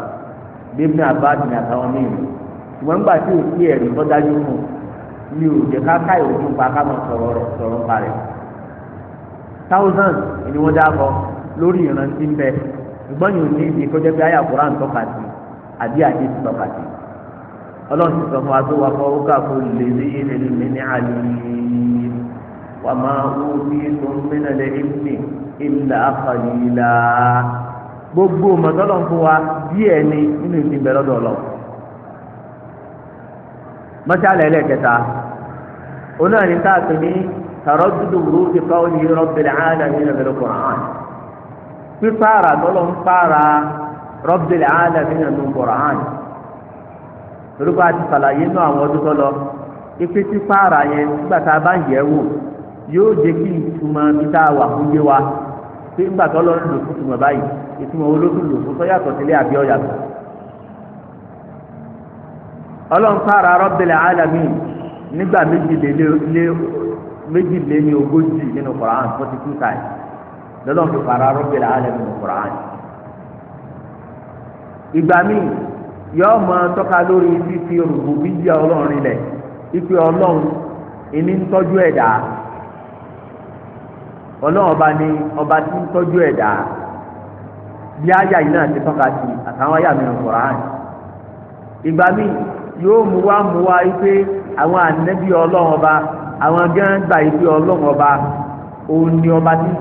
bíbí náà bá dìnyà táwọn míì ṣùgbọ́n nígbà tí ò sí ẹ̀rí tó dájú fún mi ò jẹ́ ká ká nípa ká sọ̀rọ̀ sọ̀rọ̀ nípa rẹ̀ thousand ni wọ́n kọ lórí ìrántí ń bẹ ọlọ́run ti sọ fún wa pé wà fọ́ ọ́kà kò lè ní ilẹ̀ mi ní àlè wà máa wú bí tó ń mí nàlẹ́ ìmì ìlà àkàlìlà gbogbo mọ̀tọ́lọ̀ fún wa díẹ̀ ni nínú ìsìn bẹ̀rẹ̀ lọ́dọ̀ lọ. mọ́ṣálẹ̀ ẹlẹ́kẹta onáàrin tá a pè ní tàrọ́dúdú wúrú ti fa oyin rabbil alamin nàbẹ̀rẹ̀ kọ̀ọ̀án pípààrà tọ́lọ̀ ń pààrà rabbil alamin nàbẹ̀rẹ̀ kọ̀ọ̀án torí pé a ti ṣàlàyé náà àwọn ọdún tó lọ ipe tí fáàrà yẹn nígbà tá a bá ń yẹ̀ wò yóò jẹ́ kí ìtumọ̀ bí tá a wà fún yé wa pé nígbà tó lọ ń lò fún ìtumọ̀ báyìí ìtumọ̀ olókùn lò fún sọ́yàtọ̀ sílé àbí ọ̀yàtọ̀ ọlọ́run fáàrà rọ́bìlẹ̀ alamin nígbà méjìléní ogójì nínú Qur'an forty two times lọ́lọ́run fi rọ́bìlẹ̀ alamin nínú Qur'an ìgbà míì. yọọ máa tọ́ka lórí fífi rùbùbíyà ọlọ́run lẹ̀ ipe ọlọ́run ìní ń tọ́jú ẹ̀dá ọba ni ọba ti ń tọ́jú biaya bí yìí náà ti tọka sí àtàwọn mi mìíràn Kùránì ìgbà míì yóò mú wá ipe ọba àwọn gán gba ipe ọlọrun ọba ọba ń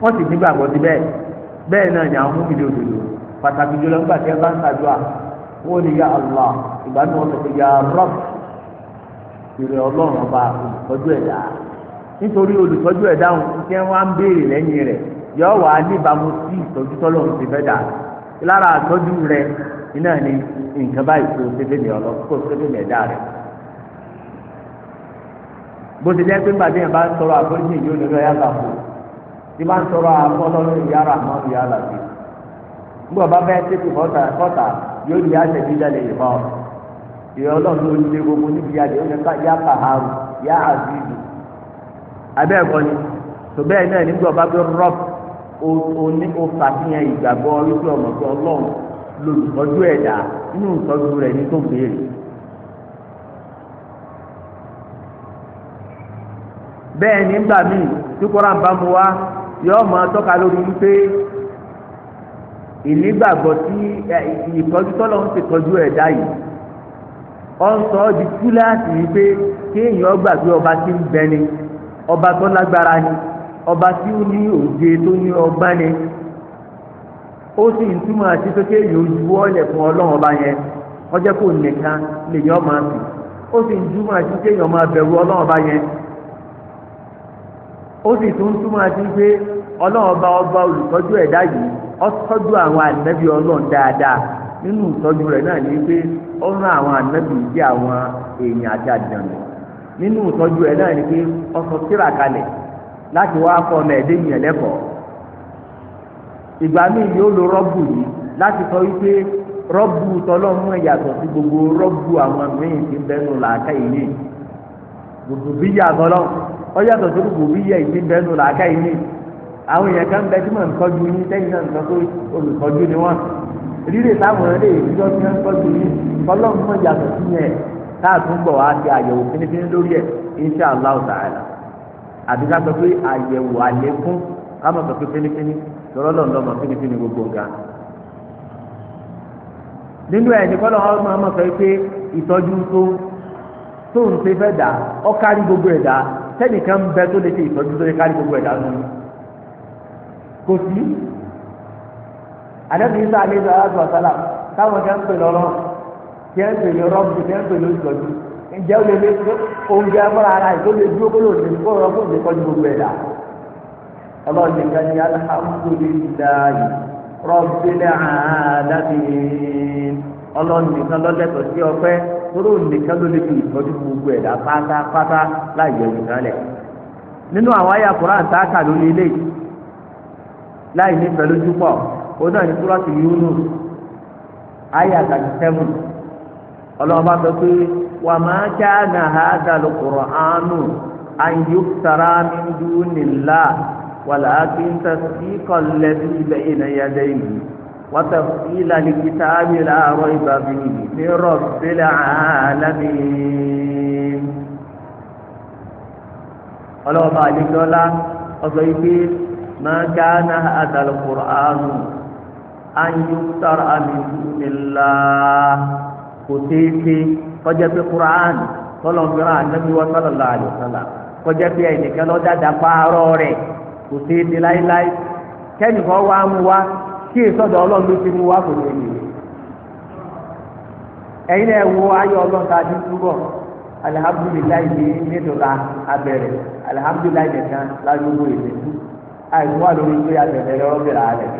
gbogbo sì nígbàgbọ́ bẹ́ẹ̀ náà ni pàtàkì jùlọ nígbà tí ẹ bá ń ṣàdúrà wọn ò ní ya Allah ìgbà tí wọn sọ pé ya Rabb ìrẹ̀ ọlọ́run ọba olùtọ́jú ẹ̀dá nítorí olùtọ́jú ẹ̀dá tí wọ́n á ń béèrè lẹ́yìn rẹ̀ yọ wà á níbàámu sí ìtọ́jú tọ́lọ́run ti fẹ́ dà lára àtọ́jú rẹ̀ iná ni nǹkan báyìí kó sébèmí ọlọ́ kó sébèmí ẹ̀dá rẹ̀ bó ti jẹ́ pé gbàdé yẹn bá ń sọ̀rọ̀ àforíjì ìjọ lórí ọ̀yá gbà fún un tí bá ń sọ̀rọ̀ àfọlọ́run ìyára àmọ́ ìyára sí nígbà bá bẹ́ẹ̀ tètè kọ́ta kọ́ta yóò di àṣẹ dídá lè yìí mọ́ ìyẹn ọlọ́run ló lé gbogbo níbi àdé ó ní ká yá kàhárù yá àbíbù abẹ́ ẹ̀kọ́ ni tó bẹ́ẹ̀ náà nígbà bá bẹ́ẹ̀ rọ́p oní òfàfihàn ìgbàgbọ́ wípé ọmọ tó ọlọ́run lòlùtọ́jú ẹ̀dá nínú ìtọ́jú rẹ̀ ní tó béèrè. bẹ́ẹ̀ nígbà míì tí kọ́ra bá mu wá yọ ọmọ tọ́ka lórí wípé ìnígbàgbọ́ tí ìtọ́jú tọ́lọ́ ń ṣètọ́jú ẹ̀dá yìí ọ ń sọ ọ́ di túláàsì yìí pé kéèyàn gbàgbé ọba tí ń bẹ ni ọba tó lágbára ni ọba tí ó ní òye tó ní ọgbọ́n ni ó sì ń túmọ̀ àti pé kéèyàn ó juwọ́ ọ̀lẹ̀ fún ọlọ́run ọba yẹn wọ́n jẹ́ nìkan lèyàn máa sùn ó sì ń túmọ̀ àti kéèyàn máa bẹ̀rù ọlọ́run ọba yẹn ó sì tún túmọ̀ sí pé ọlọ́run bá ọba olùtọ́jú ẹ̀dá yìí ó tọ́jú àwọn ànábì ọlọ́run dáadáa nínú ìtọ́jú rẹ̀ náà ní pé ó rán àwọn ànábì sí àwọn èèyàn àti àjànù nínú ìtọ́jú rẹ̀ náà ní pé ó sọ tírà kalẹ̀ láti wá kọ́ ọmọ lo rọ́bù yìí láti sọ wípé rọ́bù tọlọ́mú yàtọ̀ sí gbogbo rọ́bù àwọn bẹ́nu yìí gbogbo bíyà ọyàtọ̀ tó bụ bí yẹ ìdí bẹ́ẹ̀ nù làákà yìí ni àwọn èèyàn kan bẹ tí mò ń kọjú yín sẹ́yìn náà nǹkan tó olùkọjú ni wọ́n rírè táwọn ẹ̀rẹ́ ìdíjọ́ tí wọ́n kọjú yín fọlọ́n yàtọ̀ sí yẹn táàtún bọ̀ wá àyẹ̀wò fínífíní lórí ẹ̀ insha allah ta'ala àbí ká sọ pé àyẹ̀wò àlékún ká mọ̀ sọ pé fínífíní lọ́rọ́ mọ̀ fínífíní gbogbo nínú ẹ̀ ní kọ́lọ́ sọ pé ìtọ́jú sẹ́nìkan ń bẹ tó lè ṣe ìtọ́jú tó lè kárí gbogbo ẹ̀dá nù kò sí àdébí isa alẹ́ sọ aláṣọ àṣálà táwọn kẹ́ ń pè lọ́rọ́ kí ẹ́ ń pè lọ́rọ́ bí kí ẹ́ ń pè lóṣìṣọ́jú ǹjẹ́ ó lè lé oúnjẹ fúnra ara ẹ̀ tó lè dúró kó lòdì kó rọ fún ìdíkọ́jú gbogbo ẹ̀dá ọlọ́run nìkan ni alhamdulilayi rọ́bìnrin àádáfíìn. ọlọ́run nìkan lọ́lẹ́tọ̀ sí ọpẹ́ tóró nìkan ló lè fi ìtọ́jú gbogbo ẹ̀dá pátápátá láì yẹ nìkan nínú àwọn àyà Kùránì tá a lórí ilé láì nífẹ̀ẹ́ lójú pọ̀ ó náà ní túrọ́sì Yúnus àyà thirty seven ọlọ́run bá sọ pé wà máa kana وتفصيل لكتاب لا ريب فيه في رب العالمين ولو بعد كلا أصيبي ما كان هذا القرآن أن يفتر من دون الله كتيبي فجأة القرآن tọ́lọ̀ ń gbéra ànábi الله sọ́lọ̀lá àlùsọ́lá kọjá bí ẹnìkan lọ́dàdà pààrọ̀ rẹ̀ kò sí ti láéláé هو؟ wá tí ìsọdọ̀ ọlọ́run ló ti mú wá kò lóye ẹ̀yin náà wo ayé ọlọ́run tá a ti túbọ̀ alihamudulilayi ni nítorí abẹrẹ alihamudulilayi nìkan ládùúgbò yìí lẹnu àìsàn àlórí pé abẹrẹ lọrọ bẹ̀rẹ̀ ebe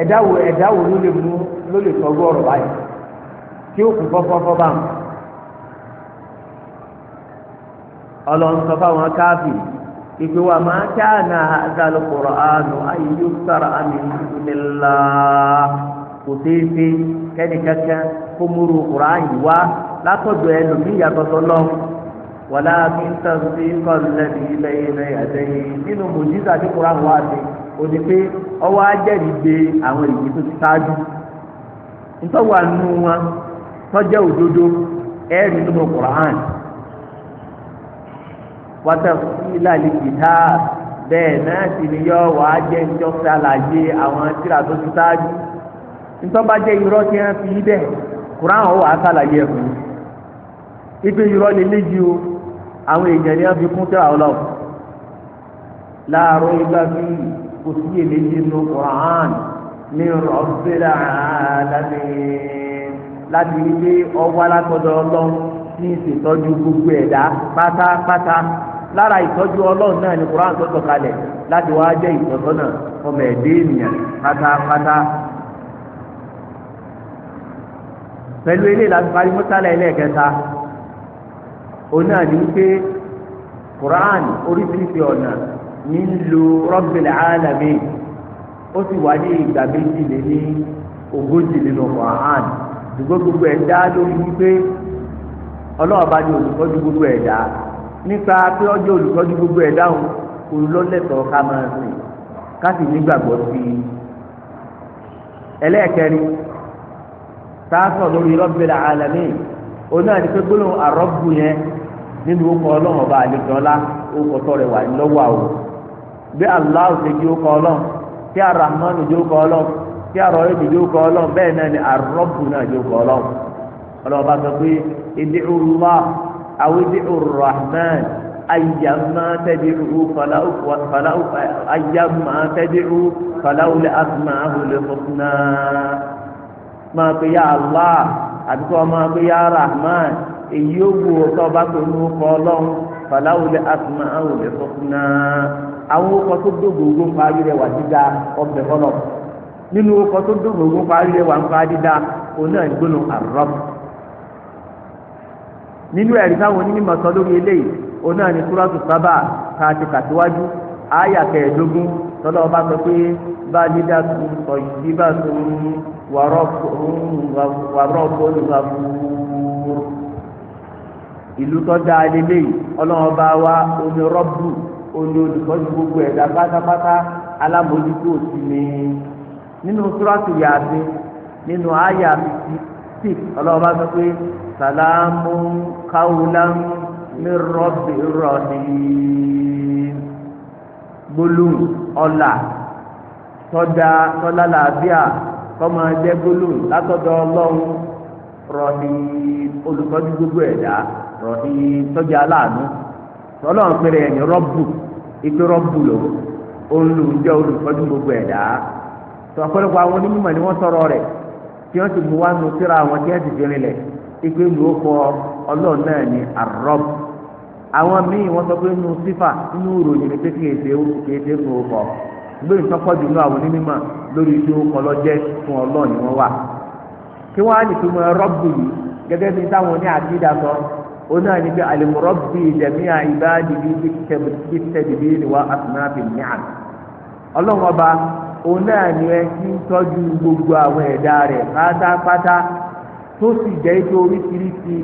ẹ̀dá wo ẹ̀dá wo ló lè mú ló lè ọ̀rọ̀ báyìí ó fọfọfọ ọlọ́run sọ fáwọn ìpè wà máa kí àná àdàlù kọ̀rọ̀ àánú ayé yóò sára àmì ìdílélá kò tẹ́ ṣe kẹ́ni kankan kó múru kọ̀rọ̀ àyè wá látọ̀dọ̀ ẹlòmíì yàtọ̀ sọlọ́ wàlá mi ń tàn sí kọ́lẹ́bí ilẹ̀ ilẹ̀ àtẹ̀yìn nínú mòjísà tí kọ̀rọ̀ àwọn àti òní pé ọwọ́ ajẹ́rìí gbé àwọn ìdí tó ti ṣáájú ntọ́wọ́ àánú wọn tọ́jẹ́ òdodo ẹ̀rí nínú kọ̀rọ̀ wọ́tẹ̀fílà lè kìtà bẹ́ẹ̀ náà sì ni yọ wàá jẹ́ ìjọ ṣàlàyé àwọn tíra tó ti sáájú ntọ́ba jẹ́ irọ́ tí wọ́n fi bẹ́ẹ̀ kuran ọ̀ wàá ṣàlàyé ẹ̀ fún ipe irọ́ lè léjì o àwọn èèyàn ni wọ́n fi kún tíra ọlọ́ láàárọ̀ ìgbà bí kò sí èléjì nù kuran ní rọ̀bìlà àlámín láti rí ọwọ́ alákọ̀dọ̀ ọlọ́run ní ìṣètọ́jú gbogbo ẹ̀dá pátápátá lára ìtọ́jú ọlọ́run náà ni Kùránì tó sọ̀kalẹ̀ láti wá jẹ́ ìtọ́sọ́nà ọmọ ẹ̀dẹ́ ènìyàn pátápátá. pẹ̀lú ilé láti parí mọ́sálẹ̀ ẹlẹ́ẹ̀kẹta òun náà ni wípé Kùránì oríṣiríṣi ọ̀nà ní ń lo Rabbil Alamin ó sì wá ní ìgbà méjì lé ní ogójì nínú Kùránì ṣùgbọ́n gbogbo ẹ̀ dá lórí wípé ọlọ́ọ̀bá ni olùkọ́jú gbogbo ẹ̀ dá. nípa pé ọjọ́ olùtọ́jú gbogbo ẹ̀dá o olólẹ́tọ̀ọ́ ká máa sìn ká sì nígbàgbọ́ sí i. ẹlẹ́ẹ̀kẹrin sáásọ̀ lórí Rabbil Alamin oní àti pé àrọ́bù yẹn nínú okọ̀ ọlọ́run ọba àlejò okọ̀ tọ́ rẹ̀ wà lọ́wọ́ àwò bí ṣe okọ̀ rahman okọ̀ ọlọ́run tí okọ̀ ọlọ́run bẹ́ẹ̀ náà ni àrọ́bù náà okọ̀ ọlọ́run ọlọ́run bá sọ awidi urrahman ayama tadiru falau falau ayama tadiru falau le asmaahu le husna máa pe ya allah àti kọ́ máa pe ya rahman èyí ó wù ọ́ tó bá pẹ̀lú ọkọ̀ ọlọ́run falau le asmaahu le husna àwọn ọkọ̀ tó dógógó ń parí rẹ̀ wà dídá ọbẹ̀ kọ́lọ̀ nínú ọkọ̀ tó dógógó ń parí rẹ̀ wà ń parí dídá òun náà gbóná àrọ́pù nínú ẹ̀rí táwọn onímọ̀ sọ lórí eléyìí òun náà ni súrọ́tù sábà tá a ti kà síwájú àyà kẹẹ̀ẹ́dógún tọ́lọ́ ọba sọ pé bájídá tún sọ yìí bá tún wàrọ̀ bọ́ọ̀lù ìlú tó dáa lélẹ́yìí ọlọ́run ọba wa omi rọ́bù omi olùkọ́jú gbogbo ẹ̀dá pátápátá alámòójútó òsì ni nínú súrọ́tù yàtí nínú àyà fifty six ọlọ́run bá sọ pé sàlámù káwùlám ní rọ́bì rọ́ọ̀dì gbólóhùn ọ̀là tọ́jà tọ́lá làbíà kọ́mọ jẹ́ gbólóhùn látọ̀dọ̀ ọlọ́run rọ́ọ̀dì olùtọ́jú gbogbo ẹ̀dá rọ́ọ̀dì tọ́jà aláàánú tọ́lọ́run péré ẹ̀yìn rọ́bù ìgbé rọ́bù lò ó ń lò ń jẹ́ olùtọ́jú gbogbo ẹ̀dá tọ́pẹ́lẹ́pọ̀ àwọn onímọ̀ ni wọ́n sọ̀rọ̀ rẹ̀ tí wọ́n ti mú wá nu síra àwọn tí wọ́n ti fi rinlẹ̀ ìpè lu ó kọ náà ní arọ́b àwọn míì sọ pé nu sífà nínú ìròyìn ní pé kí èsè kí èsè fún ó kọ lórí jùlọ àwọn onímọ̀ lórí fún ọlọ́run ni wọ́n wà kí wọ́n á yìí gẹ́gẹ́ bí táwọn ní òun náà ni ẹ ti ń tọ́jú gbogbo àwọn ẹ̀dá rẹ̀ pátápátá tó sì jẹ́ ike oríṣiríṣi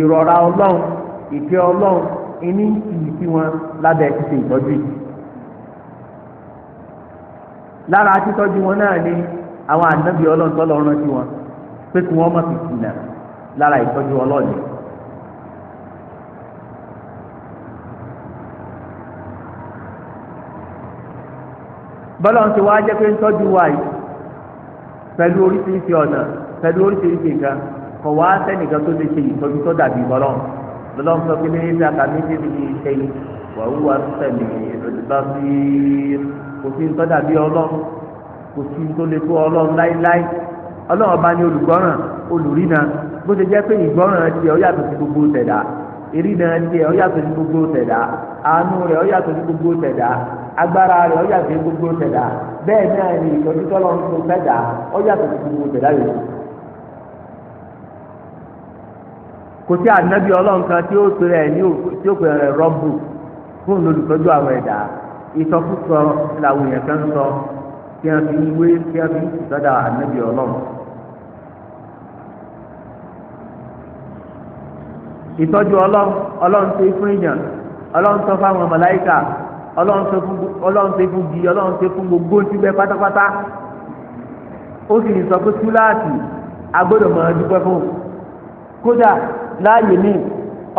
ìrọ̀ra ọlọ́run ìfẹ́ ọlọ́run ìní ìyí wọn lábẹ́ ìtọ́jú yìí. lára títọ́jú wọn náà ni àwọn ànábì ọlọ́run rántí wọn pé kí fi kùnà lára ìtọ́jú ọlọ́run yìí. bọ́lá ti wá pé ń tọ́jú wa yìí pẹ̀lú oríṣiríṣi ọ̀nà pẹ̀lú oríṣiríṣi nǹkan kọ̀ wá sẹ́nìkan tó lè ṣe ìtọ́jú tó dàbí bọ́lá bọ́lá sọ pé ní ẹ̀ṣẹ̀ àkàmì ti di ṣe wàhùwà sẹ̀mí ìrọ̀lẹ́bá sí kò sí tó dàbí ọlọ́run kò sí tó lè tó ọlọ́run láíláí ọlọ́run ọba ni olùgbọ́ràn olùrínà bó ti jẹ́ pé ìgbọ́ràn tiẹ̀ gbogbo tẹ̀dá ìrìnà tiẹ̀ ó yàtọ̀ sí gbogbo tẹ̀dá àánú agbára rẹ̀ ọjà sí gbogbo tẹ̀dá bẹ́ẹ̀ náà ni ìtọ́jú tọ́lọ́ ń tó tẹ̀dá ọjà gbogbo tẹ̀dá kò sí ànábì tí ó ní tí ó rọ́bù fún olùtọ́jú àwọn ẹ̀dá làwọn èèyàn kan sọ kí wọ́n fi wé kí wọ́n fi sọ́dà ànábì ọlọ́run. ìtọ́jú ọlọ́run ọlọ́run ṣe fún gi ọlọ́run ṣe fún gbogbo ti bẹ pátápátá ó sì ní sọ pé túláàsì agbọ́dọ̀ mọ̀ dúpẹ́ fún kódà láàyè mi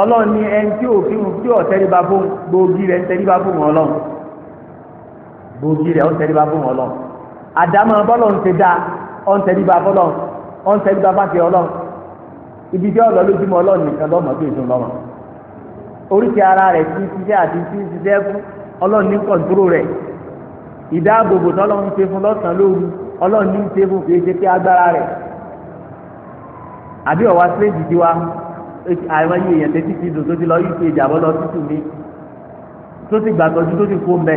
ọlọ́run ní ẹni tí ò fíhun tí ò tẹ́ríba fún gbòógì rẹ̀ ń tẹ́ríba fún wọn ọlọ́run gbòógì rẹ̀ ń tẹ́ríba fún wọn ọlọ́run àdámọ̀ bọ́lọ̀ ń ṣe dáa ọ̀ ń tẹ́ríba bọ́lọ̀ ọ̀ ń tẹ́ríba fáṣẹ ọlọ́run ibi tí ọ̀rọ̀ lójúmọ́ ọlọ́run nìkan lọ́mọ tó èso lọ́mọ ọlọ́run ní kọ̀ǹtúrò rẹ̀ ìdáàbòbò tọ́lọ́run ṣe fún lọ́sàn-án lóru ọlọ́run ní ṣe fún kìí ṣe pé agbára rẹ̀ àbí ọ̀wá sílẹ̀jì ti wa àwọn yìí èèyàn létí ti dùn tó ti lọ yìí ṣe ìjàbọ̀ lọ tútù mi tó ti gbàtọ́jú tó ti kó mbẹ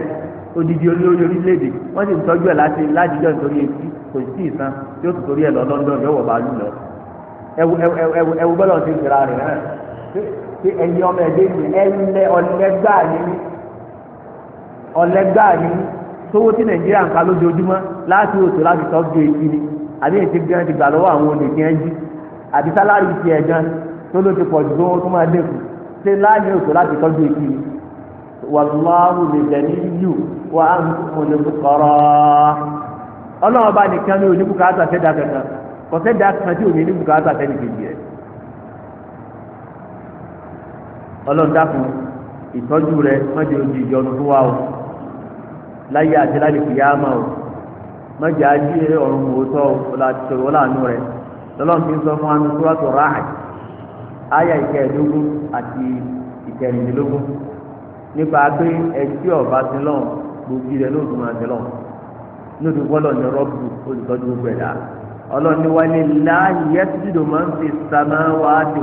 odidi olórí orílẹ̀-èdè wọ́n sì ń tọ́jú ẹ̀ láti lájíjọ́ nítorí etí kò sí ìsan tí ó tòtórí ẹ̀ lọ London yóò wọ̀ bá lù lọ ẹwu ẹwu ẹwu ẹwu bọ́lá ọ̀sẹ̀ ìfira rẹ̀ náà ẹ̀yin ọmọ ẹ̀dẹ́ ẹ̀lẹ́ ọ̀lẹ́gbàá yìí ọ̀lẹ́gbà ni sówó tí nàìjíríà ń ka lójoojúmọ́ láti oṣù láti tọ́jú etí ni àbí ètí gan ti gbà lọ́wọ́ àwọn olè tí wọ́n jí àbí sálárì ti ẹ̀ tó ló ti pọ̀ jù tó tó máa dẹ́kun ṣé láàyè oṣù láti ni wàlúwàhù lè ní yù wà á mú lè mú kọ́rọ́ ọlọ́run bá nìkan ní fẹ́dà kankan kò fẹ́dà tí fẹ́ láyé àti láti fi yáa máa o mọ̀jà ají ọ̀run òótọ́ ọ̀la tòrò rẹ̀ lọ́lọ́run ti sọ fún anusúrọ́tò ráàj áyà ìkẹẹ̀ẹ́dógún àti ìkẹrìndínlógún nípa pé ẹtí ọ̀bá ti lọ́n gbòógì rẹ̀ lóògùn máa ti lọ́n lóògùn ní rọ́bù olùtọ́jú gbogbo ẹ̀dá ọlọ́ni wa ni láàyè máa ń fi sàmà wá ti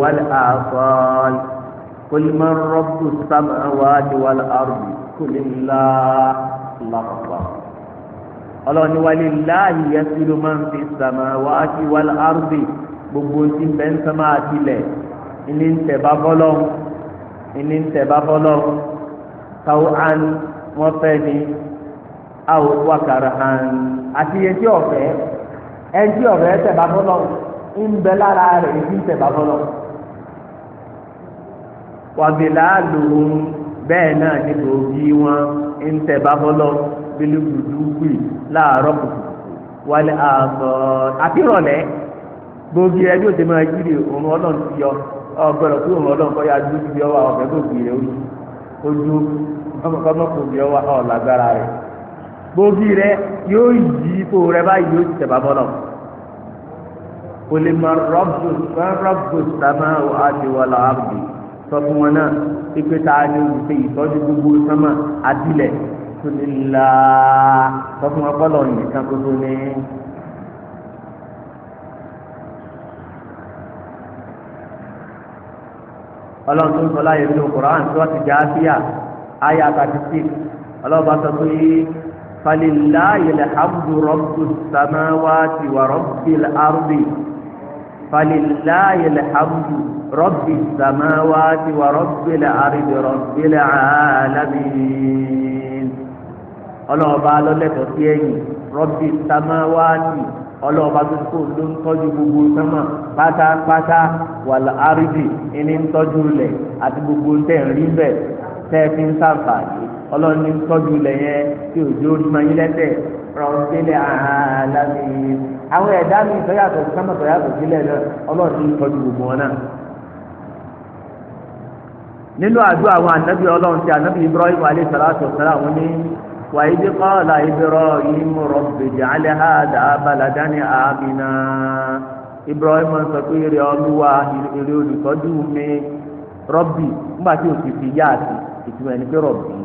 wà قل من رب السماوات والأرض قل الله الله أكبر ọlọ́run ni wàlẹ̀ láàyè yẹtìlú máa ń fi sàmà wá sí wàlẹ̀ àrùbí gbogbo tí ń bẹ ń sàmà àtìlẹ̀ ìní ń tẹ̀bá bọ́lọ́ ìní ń tẹ̀bá bọ́lọ́ káwọ́ án wọ́n fẹ́ ni àwọ̀ wákàrà hàn àti etí ọ̀fẹ́ ẹtí ọ̀fẹ́ tẹ̀bá bọ́lọ́ ń bẹ lára rẹ̀ ìdí tẹ̀bá bọ́lọ́ wàbílà lòun bẹ́ẹ̀ náà ní gbòógì wọn ń tẹ̀ bá bọ́lọ́ bílúgbùdúgbì láàárọ̀ kùtùkù wálé àgbọ̀ àbírọ̀lẹ́ gbòógì rẹ bí o ti máa jírí òun ọlọ́run ti yọ ọgbọ́dọ̀ kí òun ọlọ́run kọ́ ya dúró ti bí ọwọ́ ọ̀fẹ́ gbòógì rẹ ojú ọmọkọ̀ọ́mọkọ̀ bí ọwọ́ ọ̀làgbára rẹ̀ gbòógì rẹ yóò yí ipò rẹ báyìí yóò tẹ̀ bá bọ́lọ́ olè máa rọ́bù sábà sọ fún wọn náà pípé tá a ní olùṣe ìtọ́jú gbogbo sánmà àdìlẹ̀ tó ní la sọ fún wọn kọ́lọ̀ nìkan gbogbo ní. ọlọ́run tó ń sọ láyé nínú Qur'an tó ti jà á ayé àtàtì sí ọlọ́run bá sọ pé falilayi alhamdu rabbi samawaati wa rabbi فلله الحمد رب السماوات ورب الأرض رب العالمين ọlọ́ọ̀bá lọ́lẹ́tọ̀ sí ẹ̀yìn rọ́bì samáwáàtì ọlọ́ọ̀bá tó kó ló ń tọ́jú gbogbo sánmà pátápátá wàlá árídì ẹni ń tọ́jú rẹ̀ àti gbogbo tẹ̀ ń rí bẹ̀ tẹ́ fi ń sàǹfààní. ọlọ́run ní tọ́jú ilẹ̀ yẹn tí òjò máa yín lẹ́sẹ̀ rọ̀ǹtẹ́lẹ̀ àhàlámi àwọn ẹ̀dá mi tọ́yàtọ̀ sámà tọ́yàtọ̀ sílẹ̀ náà ọlọ́run ní tọ́jú gbogbo wọn náà. nínú àdúrà àwọn ànábì ọlọ́run ti ànábì Ibrahim alayhi wa salam ní وإذ قال إبراهيم رب اجعل Ibrahim sọ pé olùtọ́jú mi nígbà tí fi yá àti ìtumọ̀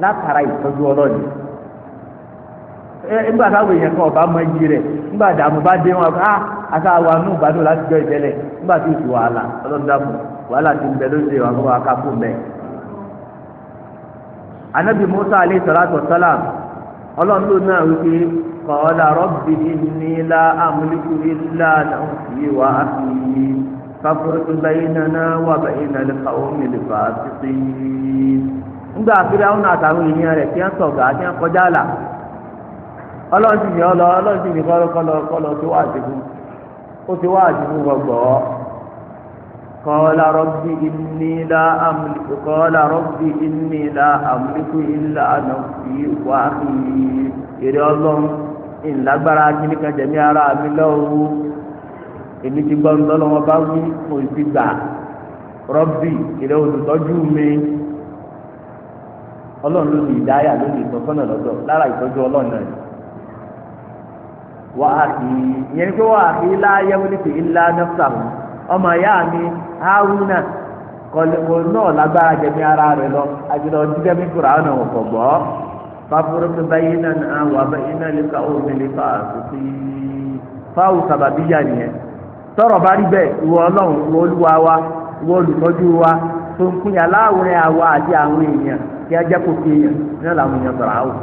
látara ìtọ́jú ọlọ́ọ̀ni nígbà táwọn èèyàn kan ọba mọ iyì rẹ̀ nígbà dààmú bá dé wọn ah, a àtàwọn àánú ìgbàdùn láti jọ ìtẹ́lẹ̀ nígbà tí oṣù wàhálà wàhálà ti ń bẹ lóṣèlú àwọn ọmọ akáko mẹ. anabi musa alayhi ọlọ́run ló náà wípé rọ́bì ilá ilá á fi yí náà wà náà lè lè ńgbà àfihàn àwọn àtàwọn èèyàn rẹ̀ kí wọ́n sọ̀gà kí wọ́n kọjá là ọlọ́run sì ní ọ lọ ọlọ́run sì ní kọ́lọ́ kọ́lọ́ kọ́lọ́ tó wà àdìbò ó ti wá àdìbò gbọ̀gbọ́ kọ́lá rọ́bì ìnílá àmúlùkù kọ́lá rọ́bì ìnílá àmúlùkù ìlà ànàfì wà fi èrè ọlọ́run ìlágbára kíníkan jẹ̀mí ara mi lọ́wọ́ èmi ti gbọ́ ńlọ́lọ́wọ́ bá wí mo ti gbà rọ́bì ìrẹ́ olùtọ́jú mi. ọlọ́run ló ní ìdáyà ló ní ìtọ́sọ́nà lọ́dọ̀ lára ìtọ́jú ọlọ́run náà wà á kì yẹn pé wà á kì ńlá nọ́fà wọn ọmọ ìyá lọ àjùlọ ọ̀nà gbọ́ náà wà lè ka fa fáwù nìyẹn tọrọ bá rí bẹ́ẹ̀ ìwọ ọlọ́run wa ìwọ olùtọ́jú wa tó ń àwa àti àwọn èèyàn kí ajá kò fi èèyàn ní ọ̀làwọn èèyàn sọ̀rọ̀ àwọn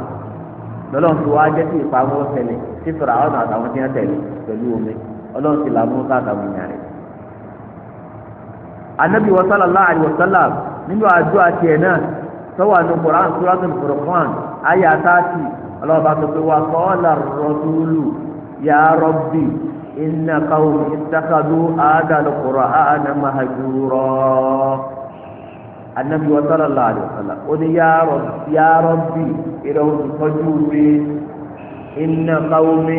lọ́lọ́run tó wá jẹ́ kí ìpamọ́ ṣẹlẹ̀ sí sọ̀rọ̀ àwọn àtàwọn tí wọ́n tẹ̀lé pẹ̀lú omi ọlọ́run ti làmú káàtàwọn èèyàn rẹ̀. anabi wa sallallahu alayhi wa sallam nínú àdúrà tiẹ̀ náà sọ́wọ́ àti Qur'an suratul Furqan ayé àtàtì ọlọ́ba tó fi wá qala ar-rasulu ya rabbi inna qawmi ittakhadhu hadha al-Qur'ana anabi wa sallallahu alayhi wa sallam ó ní yaarọ yaarọ bi ìrẹ̀ òtún tọ́jú mi iná kawo mi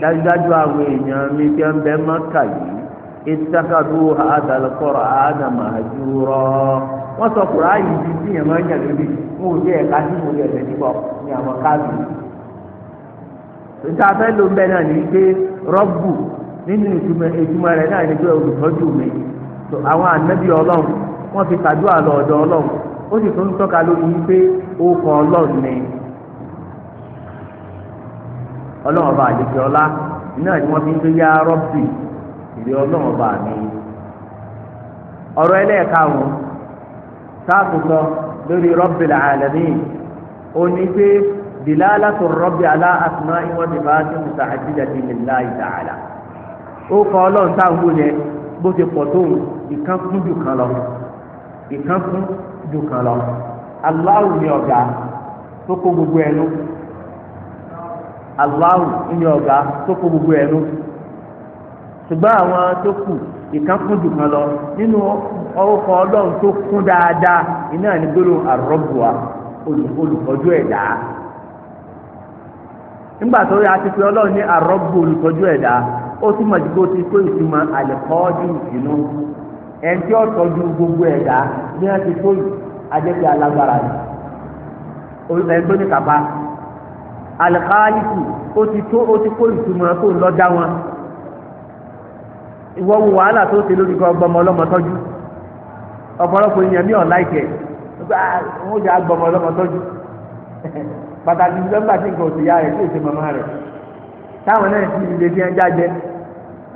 dájúdájú àwọn èèyàn mi tí wọ́n bẹ mọ́kà yìí ìtàkàdù àdàlùkọ́rọ̀ àdàmà àjúrọ̀ wọ́n sọ kura yìí di tí yẹn máa ń yàgò bí wọn ò jẹ́ ẹ̀ka tí mo lè rẹ̀ níbọ̀ ní àwọn káàdì. níta fẹ́ ló ń bẹ náà ní pé rọ́bù nínú ìtumọ̀ rẹ̀ náà ní pé olùtọ́jú mi àwọn ànábì ọlọ́run wọ́n fi kàdúrà lọ ọ̀dọ̀ ọlọ́run ó sì tún tọ́ka lórí wípé ó kọ ọlọ́run ni ọlọ́run ọba àdìsí ọlá náà ni wọ́n fi ń gbé yá rọ́bì ìdí ọlọ́run ọba mi ọ̀rọ̀ ẹlẹ́ẹ̀karùn-ún sáàtúntọ́ lórí rọ́bì làálẹ́mí ó ní pé dilalatu rọ́bì alá asùnmá ìwọ́n ti bá ti mùsà àjíjàdì ìdáàlà ó kọ ọlọ́run táwọn gbó yẹn bó ti pọ̀ tóun ìkan kan lọ. ìkan fún ju kan lọ Allahu ni ọ̀gá tó kó gbogbo ẹnu ló ni tó kó gbogbo ṣùgbọ́n àwọn tó kù ìkan fún ju kan lọ nínú orúkọ ọlọ́run tó kún dáadáa iná ní gbólóhùn olùkọ́jú ẹ̀dá nígbà ẹnití ọtọjú gbogbo ẹ̀dá ní ẹtí tó yìí alágbára ni olùdókòwò ní kaba alikaliku ó ti tó ó ti kó ìtumọ̀ tó ń lọ́jà wọn ìwọ wàhálà tó ṣe lórí kọ gbọmọ ọlọmọ ọ̀pọ̀lọpọ̀ èèyàn mi ò láìkẹ wọn jà gbọmọ ọlọmọ pàtàkì nígbà tí nǹkan ò sì yá rẹ tí ò sì mọmọ rẹ táwọn náà ti lè fi ẹja jẹ.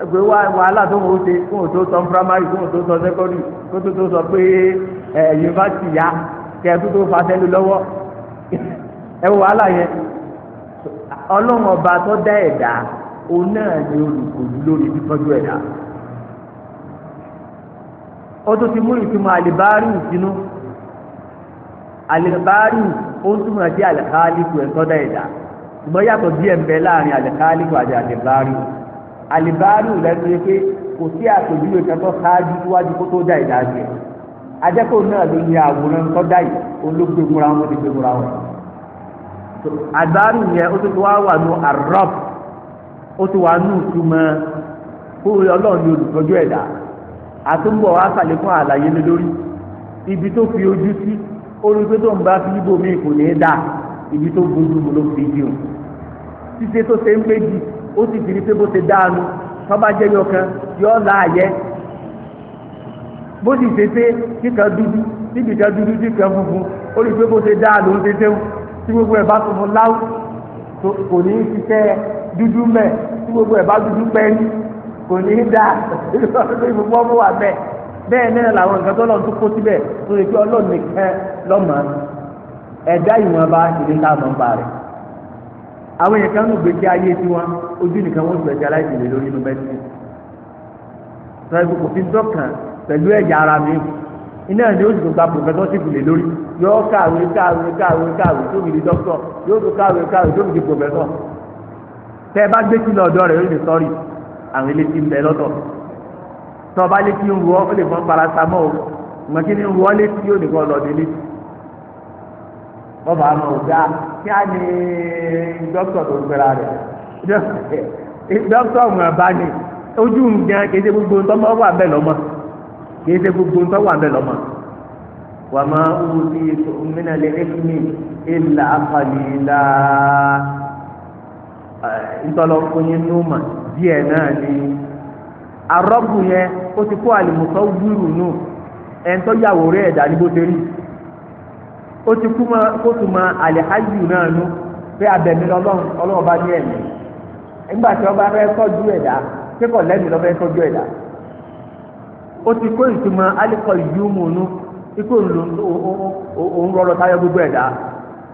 ẹgbẹ́ wa wàhálà tó wọ́n ṣe kó o sọ primary kó o sọ secondary kó o sọ pé ẹ yunifásitì ya kẹ ẹ tó tó fa sẹ́lu lọ́wọ́ ẹ wàhálà yẹn ọlọ́run ọba tó dá ẹ̀dá òun náà ni olùkòlù lórí títọ́jú ẹ̀dá ó ti mú ìtumọ̀ àlìbárì sínú àlìbárì ó ń túmọ̀ sí àlìkáálíkù ẹ̀tọ́ dá ẹ̀dá yàtọ̀ díẹ̀ ń bẹ láàrin àti alibaru lẹ́nu yẹ pé kò sí àpèjúwe kan tó ṣáájú síwájú kó tó dá ìdá jẹ ajẹ́kọ̀ọ́ náà ló ní àwòrán tó dá yìí wọn ti wọn. yẹn ó wá wà ó wà kó ọlọ́run ní olùtọ́jú ẹ̀dá àtúnbọ̀ wá àlàyé lórí ibi tó fi ojú sí pé tó ń bá fi ibi tó gbójú mu ló fi dì ó ṣíṣe ó sì ti rí pé bó ti dáanu tọ́ba jẹ́ yọ kan yọ ọ́ láàyẹ bó sì ṣe pé kíkan dúdú níbi kan dúdú kíkan funfun ó rí pé bó ti dáanu ó ti tẹ́wọ́ tí gbogbo ẹ̀ bá funfun láwù kò ní í ṣiṣẹ́ dúdú mẹ́ tí gbogbo ẹ̀ bá dúdú pẹ́ẹ́lí kò ní í dáa ìfowópamọ́ mú wa bẹ́ẹ̀ bẹ́ẹ̀ náà làwọn nǹkan tó lọ́n tó kó síbẹ̀ tó lè fi ọlọ́ọ̀nì kẹ́ lọ́mọ ẹ̀dá ìwọ̀nba ìdíkà mọ́ ń ba rẹ̀ àwọn èèyàn kan ń gbèsè ayé tiwọn ojú nìkan wọn gbèsè aláìsèlè lórí inú mẹsìlẹ sọ̀rọ̀ kò fi dọ́kàn pẹ̀lú ẹ̀yà ara mi iná ni ó dùn gba pòfẹ́sọ́ṣìpù lè lórí yóò kàwé kàwé kàwé kàwé tó mi di dọ́kítọ̀ yóò tún kàwé kàwé tó mi di pòfẹ́sọ̀ tẹ́ ẹ bá gbé sí lọ́dọ̀ rẹ̀ yóò lè sọ́ọ̀rì àwọn ilé ti ń bẹ lọ́dọ̀ tọ́ ọ bá létí ń wọ́ ó lè fọ́n paracetamol mọ̀ kí ni ń wọ́ létí yóò nìkan lọ́dọ̀ létí wọ́n bá mọ̀ ọ̀gá kí á ní dókítà tó ń pera rẹ̀ dókítà ọ̀mọ̀ ẹ̀bá ni ojú ń jẹ́ kéde gbogbo ń tọ́mọ́ wà bẹ́ẹ̀ lọ́mọ kéde gbogbo ń tọ́ wà bẹ́ẹ̀ lọ́mọ. wà á máa wù sí ìmínà lè ékìmí ìlà àkàlìlà ntọ́lọ́kùnrin nùmà díẹ̀ náà ni arọ́bù yẹn ó ti kó àlùmọ́tò wúrù nù ẹ̀ ń tọ́jú àwòrán ẹ̀dá ní bó ṣe rí. ó ti kú ma kó tún mọ àlìhájú náà nú pé abẹ̀mí lọ́lọ́run ọlọ́run bá ní ẹ̀mí nígbà tí ọba fẹ́ tọ́jú ẹ̀dá kíkọ̀ lẹ́mìí lọ́ fẹ́ tọ́jú ẹ̀dá ó ti kó ìtumọ̀ alikọ̀ ìyúmù nú ikú òun rọrọ táyọ gbogbo ẹ̀dá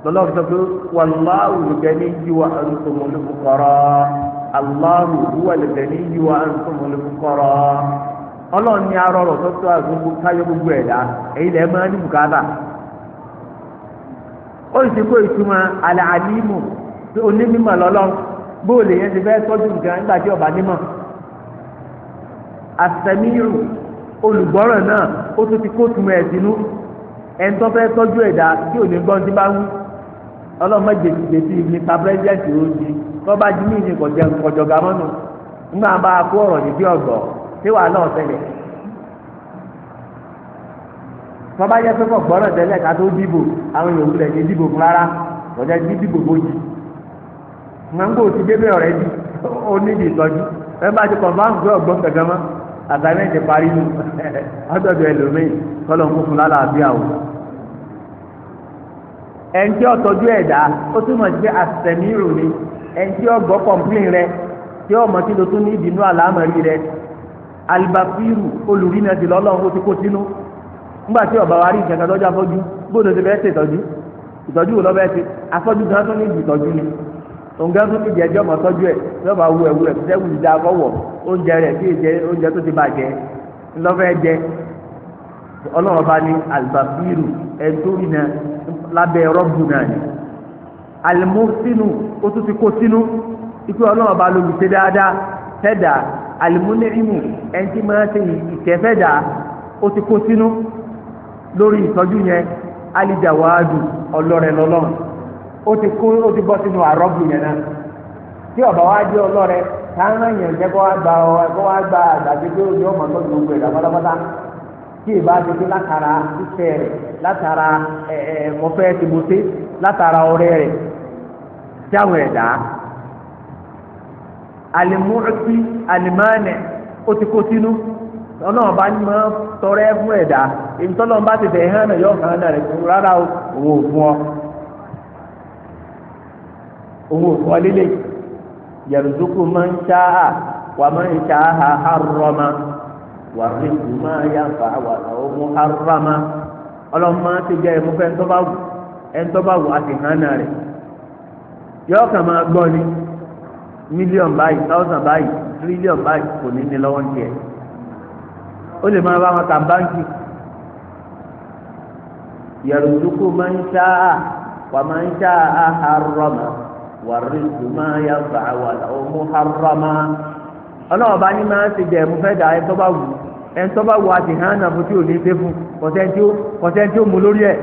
lọ́lọ́run sọ pé wàlúwàhù yíwa ọlọ́run ó sì kó ìtumọ̀ àlẹ́ àlímù onímọ̀ lọ́lọ́ bóòlù yẹn ti fẹ́ tọ́jú nǹkan nígbà tí ọba nímọ̀ àsẹ̀míyù olùgbọ́ràn náà ó tún ti kó tumọ̀ ẹ̀ sínú ẹni tó fẹ́ tọ́jú ẹ̀dá tí ò ní gbọ́n ti bá wú ọlọ́mọ jèjì ní ta ní kọjọgàmọ́nù nígbà bá a kó ọ̀rọ̀ yìí bí ọ̀gbọ̀ tí wàá tọ́ba yẹ pé kò gbọ́dọ̀ tẹ́lẹ̀ ká tó dìbò àwọn èèyàn òwúlẹ̀ ní dìbò fún rárá lọ́jà ní dìbò bójì gbàngbò ti débẹ̀ ọ̀rẹ́ ebe ó níbi ìtọ́jú ẹ bá ti kọ̀ọ̀bá ń gbé ọ̀gbọ́n kankan mọ́ àtàlẹ́ ti parí nu ọ̀dọ̀dọ̀ ẹlòmíì kọ́lọ̀ ń kó fún ọ̀tọ́jú ẹ̀dá ó sí rẹ tí ọmọ tí lo tún ní àlámọ̀rí rẹ alibafiru nígbà tí ọba wa rí nǹkan kan lọ́jọ́ afọ́jú bóòlù ti bẹ́ẹ̀ ṣe ìtọ́jú ìtọ́jú wò lọ́bẹ̀ẹ́ ti afọ́jú gan tún ní ibi ìtọ́jú ni òǹgá tún ní ìjẹ́jọ́ ọmọ tọ́jú ẹ̀ lọ́ba wu ẹ̀wu ẹ̀ fẹ́ wù ìdá akọ́wọ̀ oúnjẹ rẹ̀ kí èjẹ oúnjẹ tó ti bàjẹ́ ńlọ́fẹ́ jẹ ọlọ́run bá ní alibabiru ẹ̀dórí náà lábẹ́ rọ́bù náà ni alimusinu ó tún ti kó sínú ikú ọlọ́run bá lòlùsẹ́ dáadáa fẹ́dà alimunimu ẹni tí máa ń ṣe ìkẹ́fẹ́dà ó ti kó sínú lórí ìtọ́jú yẹn alijawaadu ọlọ́rẹ̀ lọ́lọ́run ó ti kó ó ti bọ́ sínú àrọ́bù yẹn náà tí ọba wa jẹ́ ọlọ́rẹ̀ táwọn èèyàn jẹ́ kó wá gba ọ kó wá gba àgbàdo tó yọ ọmọ tó gbogbo ẹ̀dá pátápátá tí ìbá ti fi látara iṣẹ́ rẹ̀ látara ẹ̀ ẹ̀ mọ̀fẹ́ ti mo ṣe látara ọ̀rẹ́ rẹ̀ tí àwọn ẹ̀dá alimuti alimane ó ti kó sínú. ọlọ́run ọba ní máa tọrẹ fún ẹ̀dá ìtọ́lọ́run bá ti fẹ́ hàn fún rárá fún ọ fún ọ máa ń ṣá wà máa ń ṣá à wà rìndù máa yá fà wà ọmú ha ọlọ́run máa ti jẹ́ ẹ̀mú fẹ́ ńtọ́ bá wù ẹ̀ńtọ́ bá wù hàn kàn máa gbọ́ ni mílíọ̀n báyìí táwùsàn báyìí tírílíọ̀n báyìí ó lè máa bá wọn kà báńkì yàrùdúkú máa ń ṣá a wà máa ń ṣá a harama wà rìndù máa yà fà wà ọmú harama ọlọ́wọ́ bá ní máa ń ṣe jẹ́ ẹ̀mú fẹ́ dà ẹ̀ tó bá wù ẹ̀ tó bá wù àti hàn náà fún tí ò ní ṣe fún kọ̀tẹ́ tí ó mú lórí ẹ̀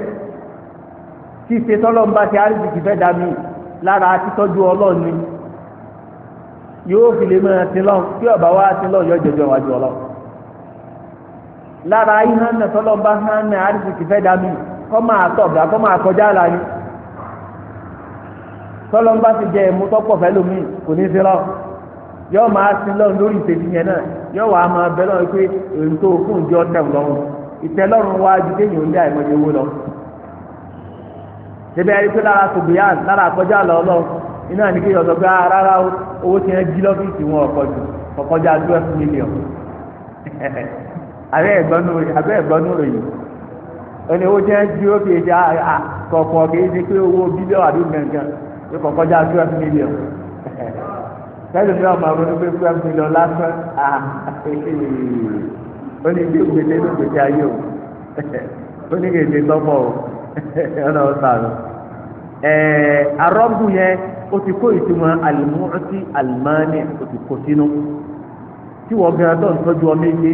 tí ṣe tọ́lọ́ ń bá ṣe àrídìkì fẹ́ dà mí lára títọ́jú ọlọ́ọ̀ni yóò fi lè máa ti lọ́n tí ọ̀bá wa ti lọ́n yọ jẹjọ wájú ọlọ́ọ̀ lára ihánà tọ́lọ́ba hánà àrísìkì fẹ́ dá mi kọ́ máa tọ̀gà kọ́ máa kọjá àlà ni tọ́lọ́ba ti jẹ ẹ̀mú tọ́pọ̀ fẹ́ kò ní í yọ máa sin lọ́run lórí ìtẹ̀sí yẹn náà yọ wàá máa bẹ lọ́run pé èyí tó fún ìjọ tẹ̀ lọ́run ìtẹ́lọ́run wá ju ń dé àìmọye owó lọ. pé lára lára lọ lọ iná ní kéèyàn sọ pé ah, rárá abẹ́ ẹ̀gbọ́nú ròyìn ẹni owó jẹ́ jí ó fi ṣe àkọ́kọ́ ah, ah, kì í ṣe pé owó bílíọ̀nù àbí gàngàn ló kọ́kọ́ já twelve million tẹ́lẹ̀ mi ọmọ àwọn onígbé twelve million lásán ah, ó ní ilé ìgbésẹ̀ ló gbèsè ayé o ó ní kèsè tọ́pọ̀ o ọ̀nà ọ̀sán ẹ̀ arọ́bù yẹn ó ti kó ìtumọ̀ alimọ́tì alimani ó ti kó sínú tí wọ́n gbé ọdọ́ ń tọ́jú ọmọ ilé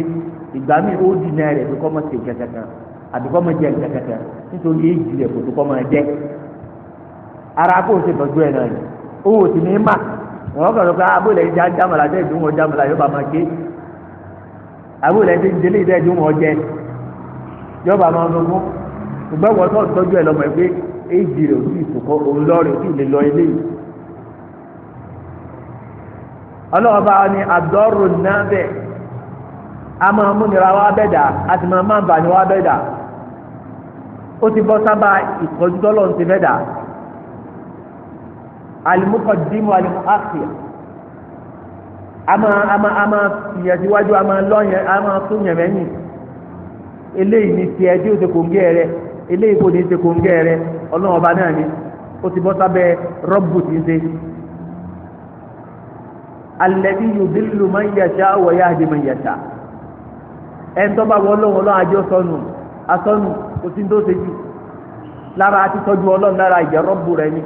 ìgbà mi ó di náà rẹ̀ kó mọ̀ sí kẹ̀kẹ́kẹ́ àbí kó mọ̀ jẹ́ kẹ̀kẹ́kẹ́ nítorí èjì rẹ̀ kò tó kó mọ̀ jẹ́ ara kó o ṣe tọ́jú ẹ̀ náà ni ó wò sí ní mà wọ́n kàn ló pé abúlé ah, ìjà ń jámọ̀lá dé ìdúró wọn jámọ̀lá yóò bá máa ké abúlé ìdí ìdílé ìdí ìdúró wọn jẹ yóò bá máa gbogbo ṣùgbọ́n wọ́n tó tọ́jú ẹ̀ lọ́mọ ẹgbẹ́ èjì rẹ̀ òsì ìsòkò òun a máa múnira wá bẹ́ẹ̀dà a sì máa máa bàní wá bẹ́ẹ̀dà ó ti bọ́ sábà ìkọjú tọ́lọ́run ti bẹ́ẹ̀dà alimukọdimu alimuafi ama ama ama fìyàsíwájú ama lọ́yẹ̀ ama tún yẹ̀mẹ́yìn eléyìí ni tiẹ̀ tí o ti kò ń gẹ́ rẹ eléyìí kò ní ti kò ń gẹ́ rẹ ọlọ́run náà ni ó ti bọ́ sábẹ́ rọ́bù tí ń ṣe. alladhi yudillu man yasha wa yahdi man yasha. ẹ̀ńtọ́ bá wọ ọlọ́run ọlọ́run àjọ sọnù asọnù kò sí tó ṣe jù lára àti tọ́jú ọlọ́run lára ìjẹ́rọ́bù rẹ ni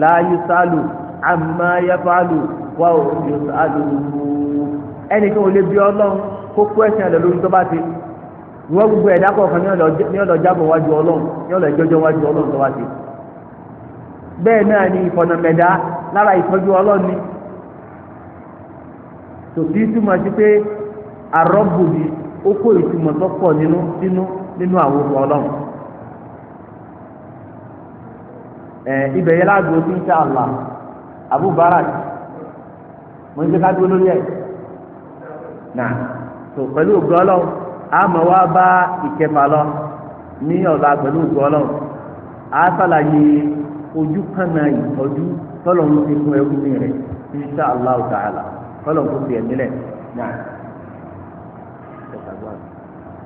láàyè sálù àmà yẹfàlù wà ó yọ sálù ẹnìkan ò lè bí ọlọ́run ẹ̀sìn lórí tó bá ti wọ́n gbogbo ẹ̀dá kọ̀ọ̀kan ní ọ̀dọ̀ jábọ̀ wájú ọlọ́run ní ọ̀dọ̀ wájú ọlọ́run tó bá ti arọ́bù yìí ó kó ìtumọ̀ tó pọ̀ nínú nínú àwọn ọlọ́run ẹ ibẹ̀ yẹn láàgbọ̀ tí ń ṣe àlà àbúbárà mo ń dúró lórí ẹ̀ nà tó pẹ̀lú ọlọ́run a mọ̀ wá bá ìkẹfà lọ ní ọ̀la pẹ̀lú ọlọ́run a sàlàyé ojú kànnà ìtọ́jú tọ́lọ̀ ń fi fún rẹ̀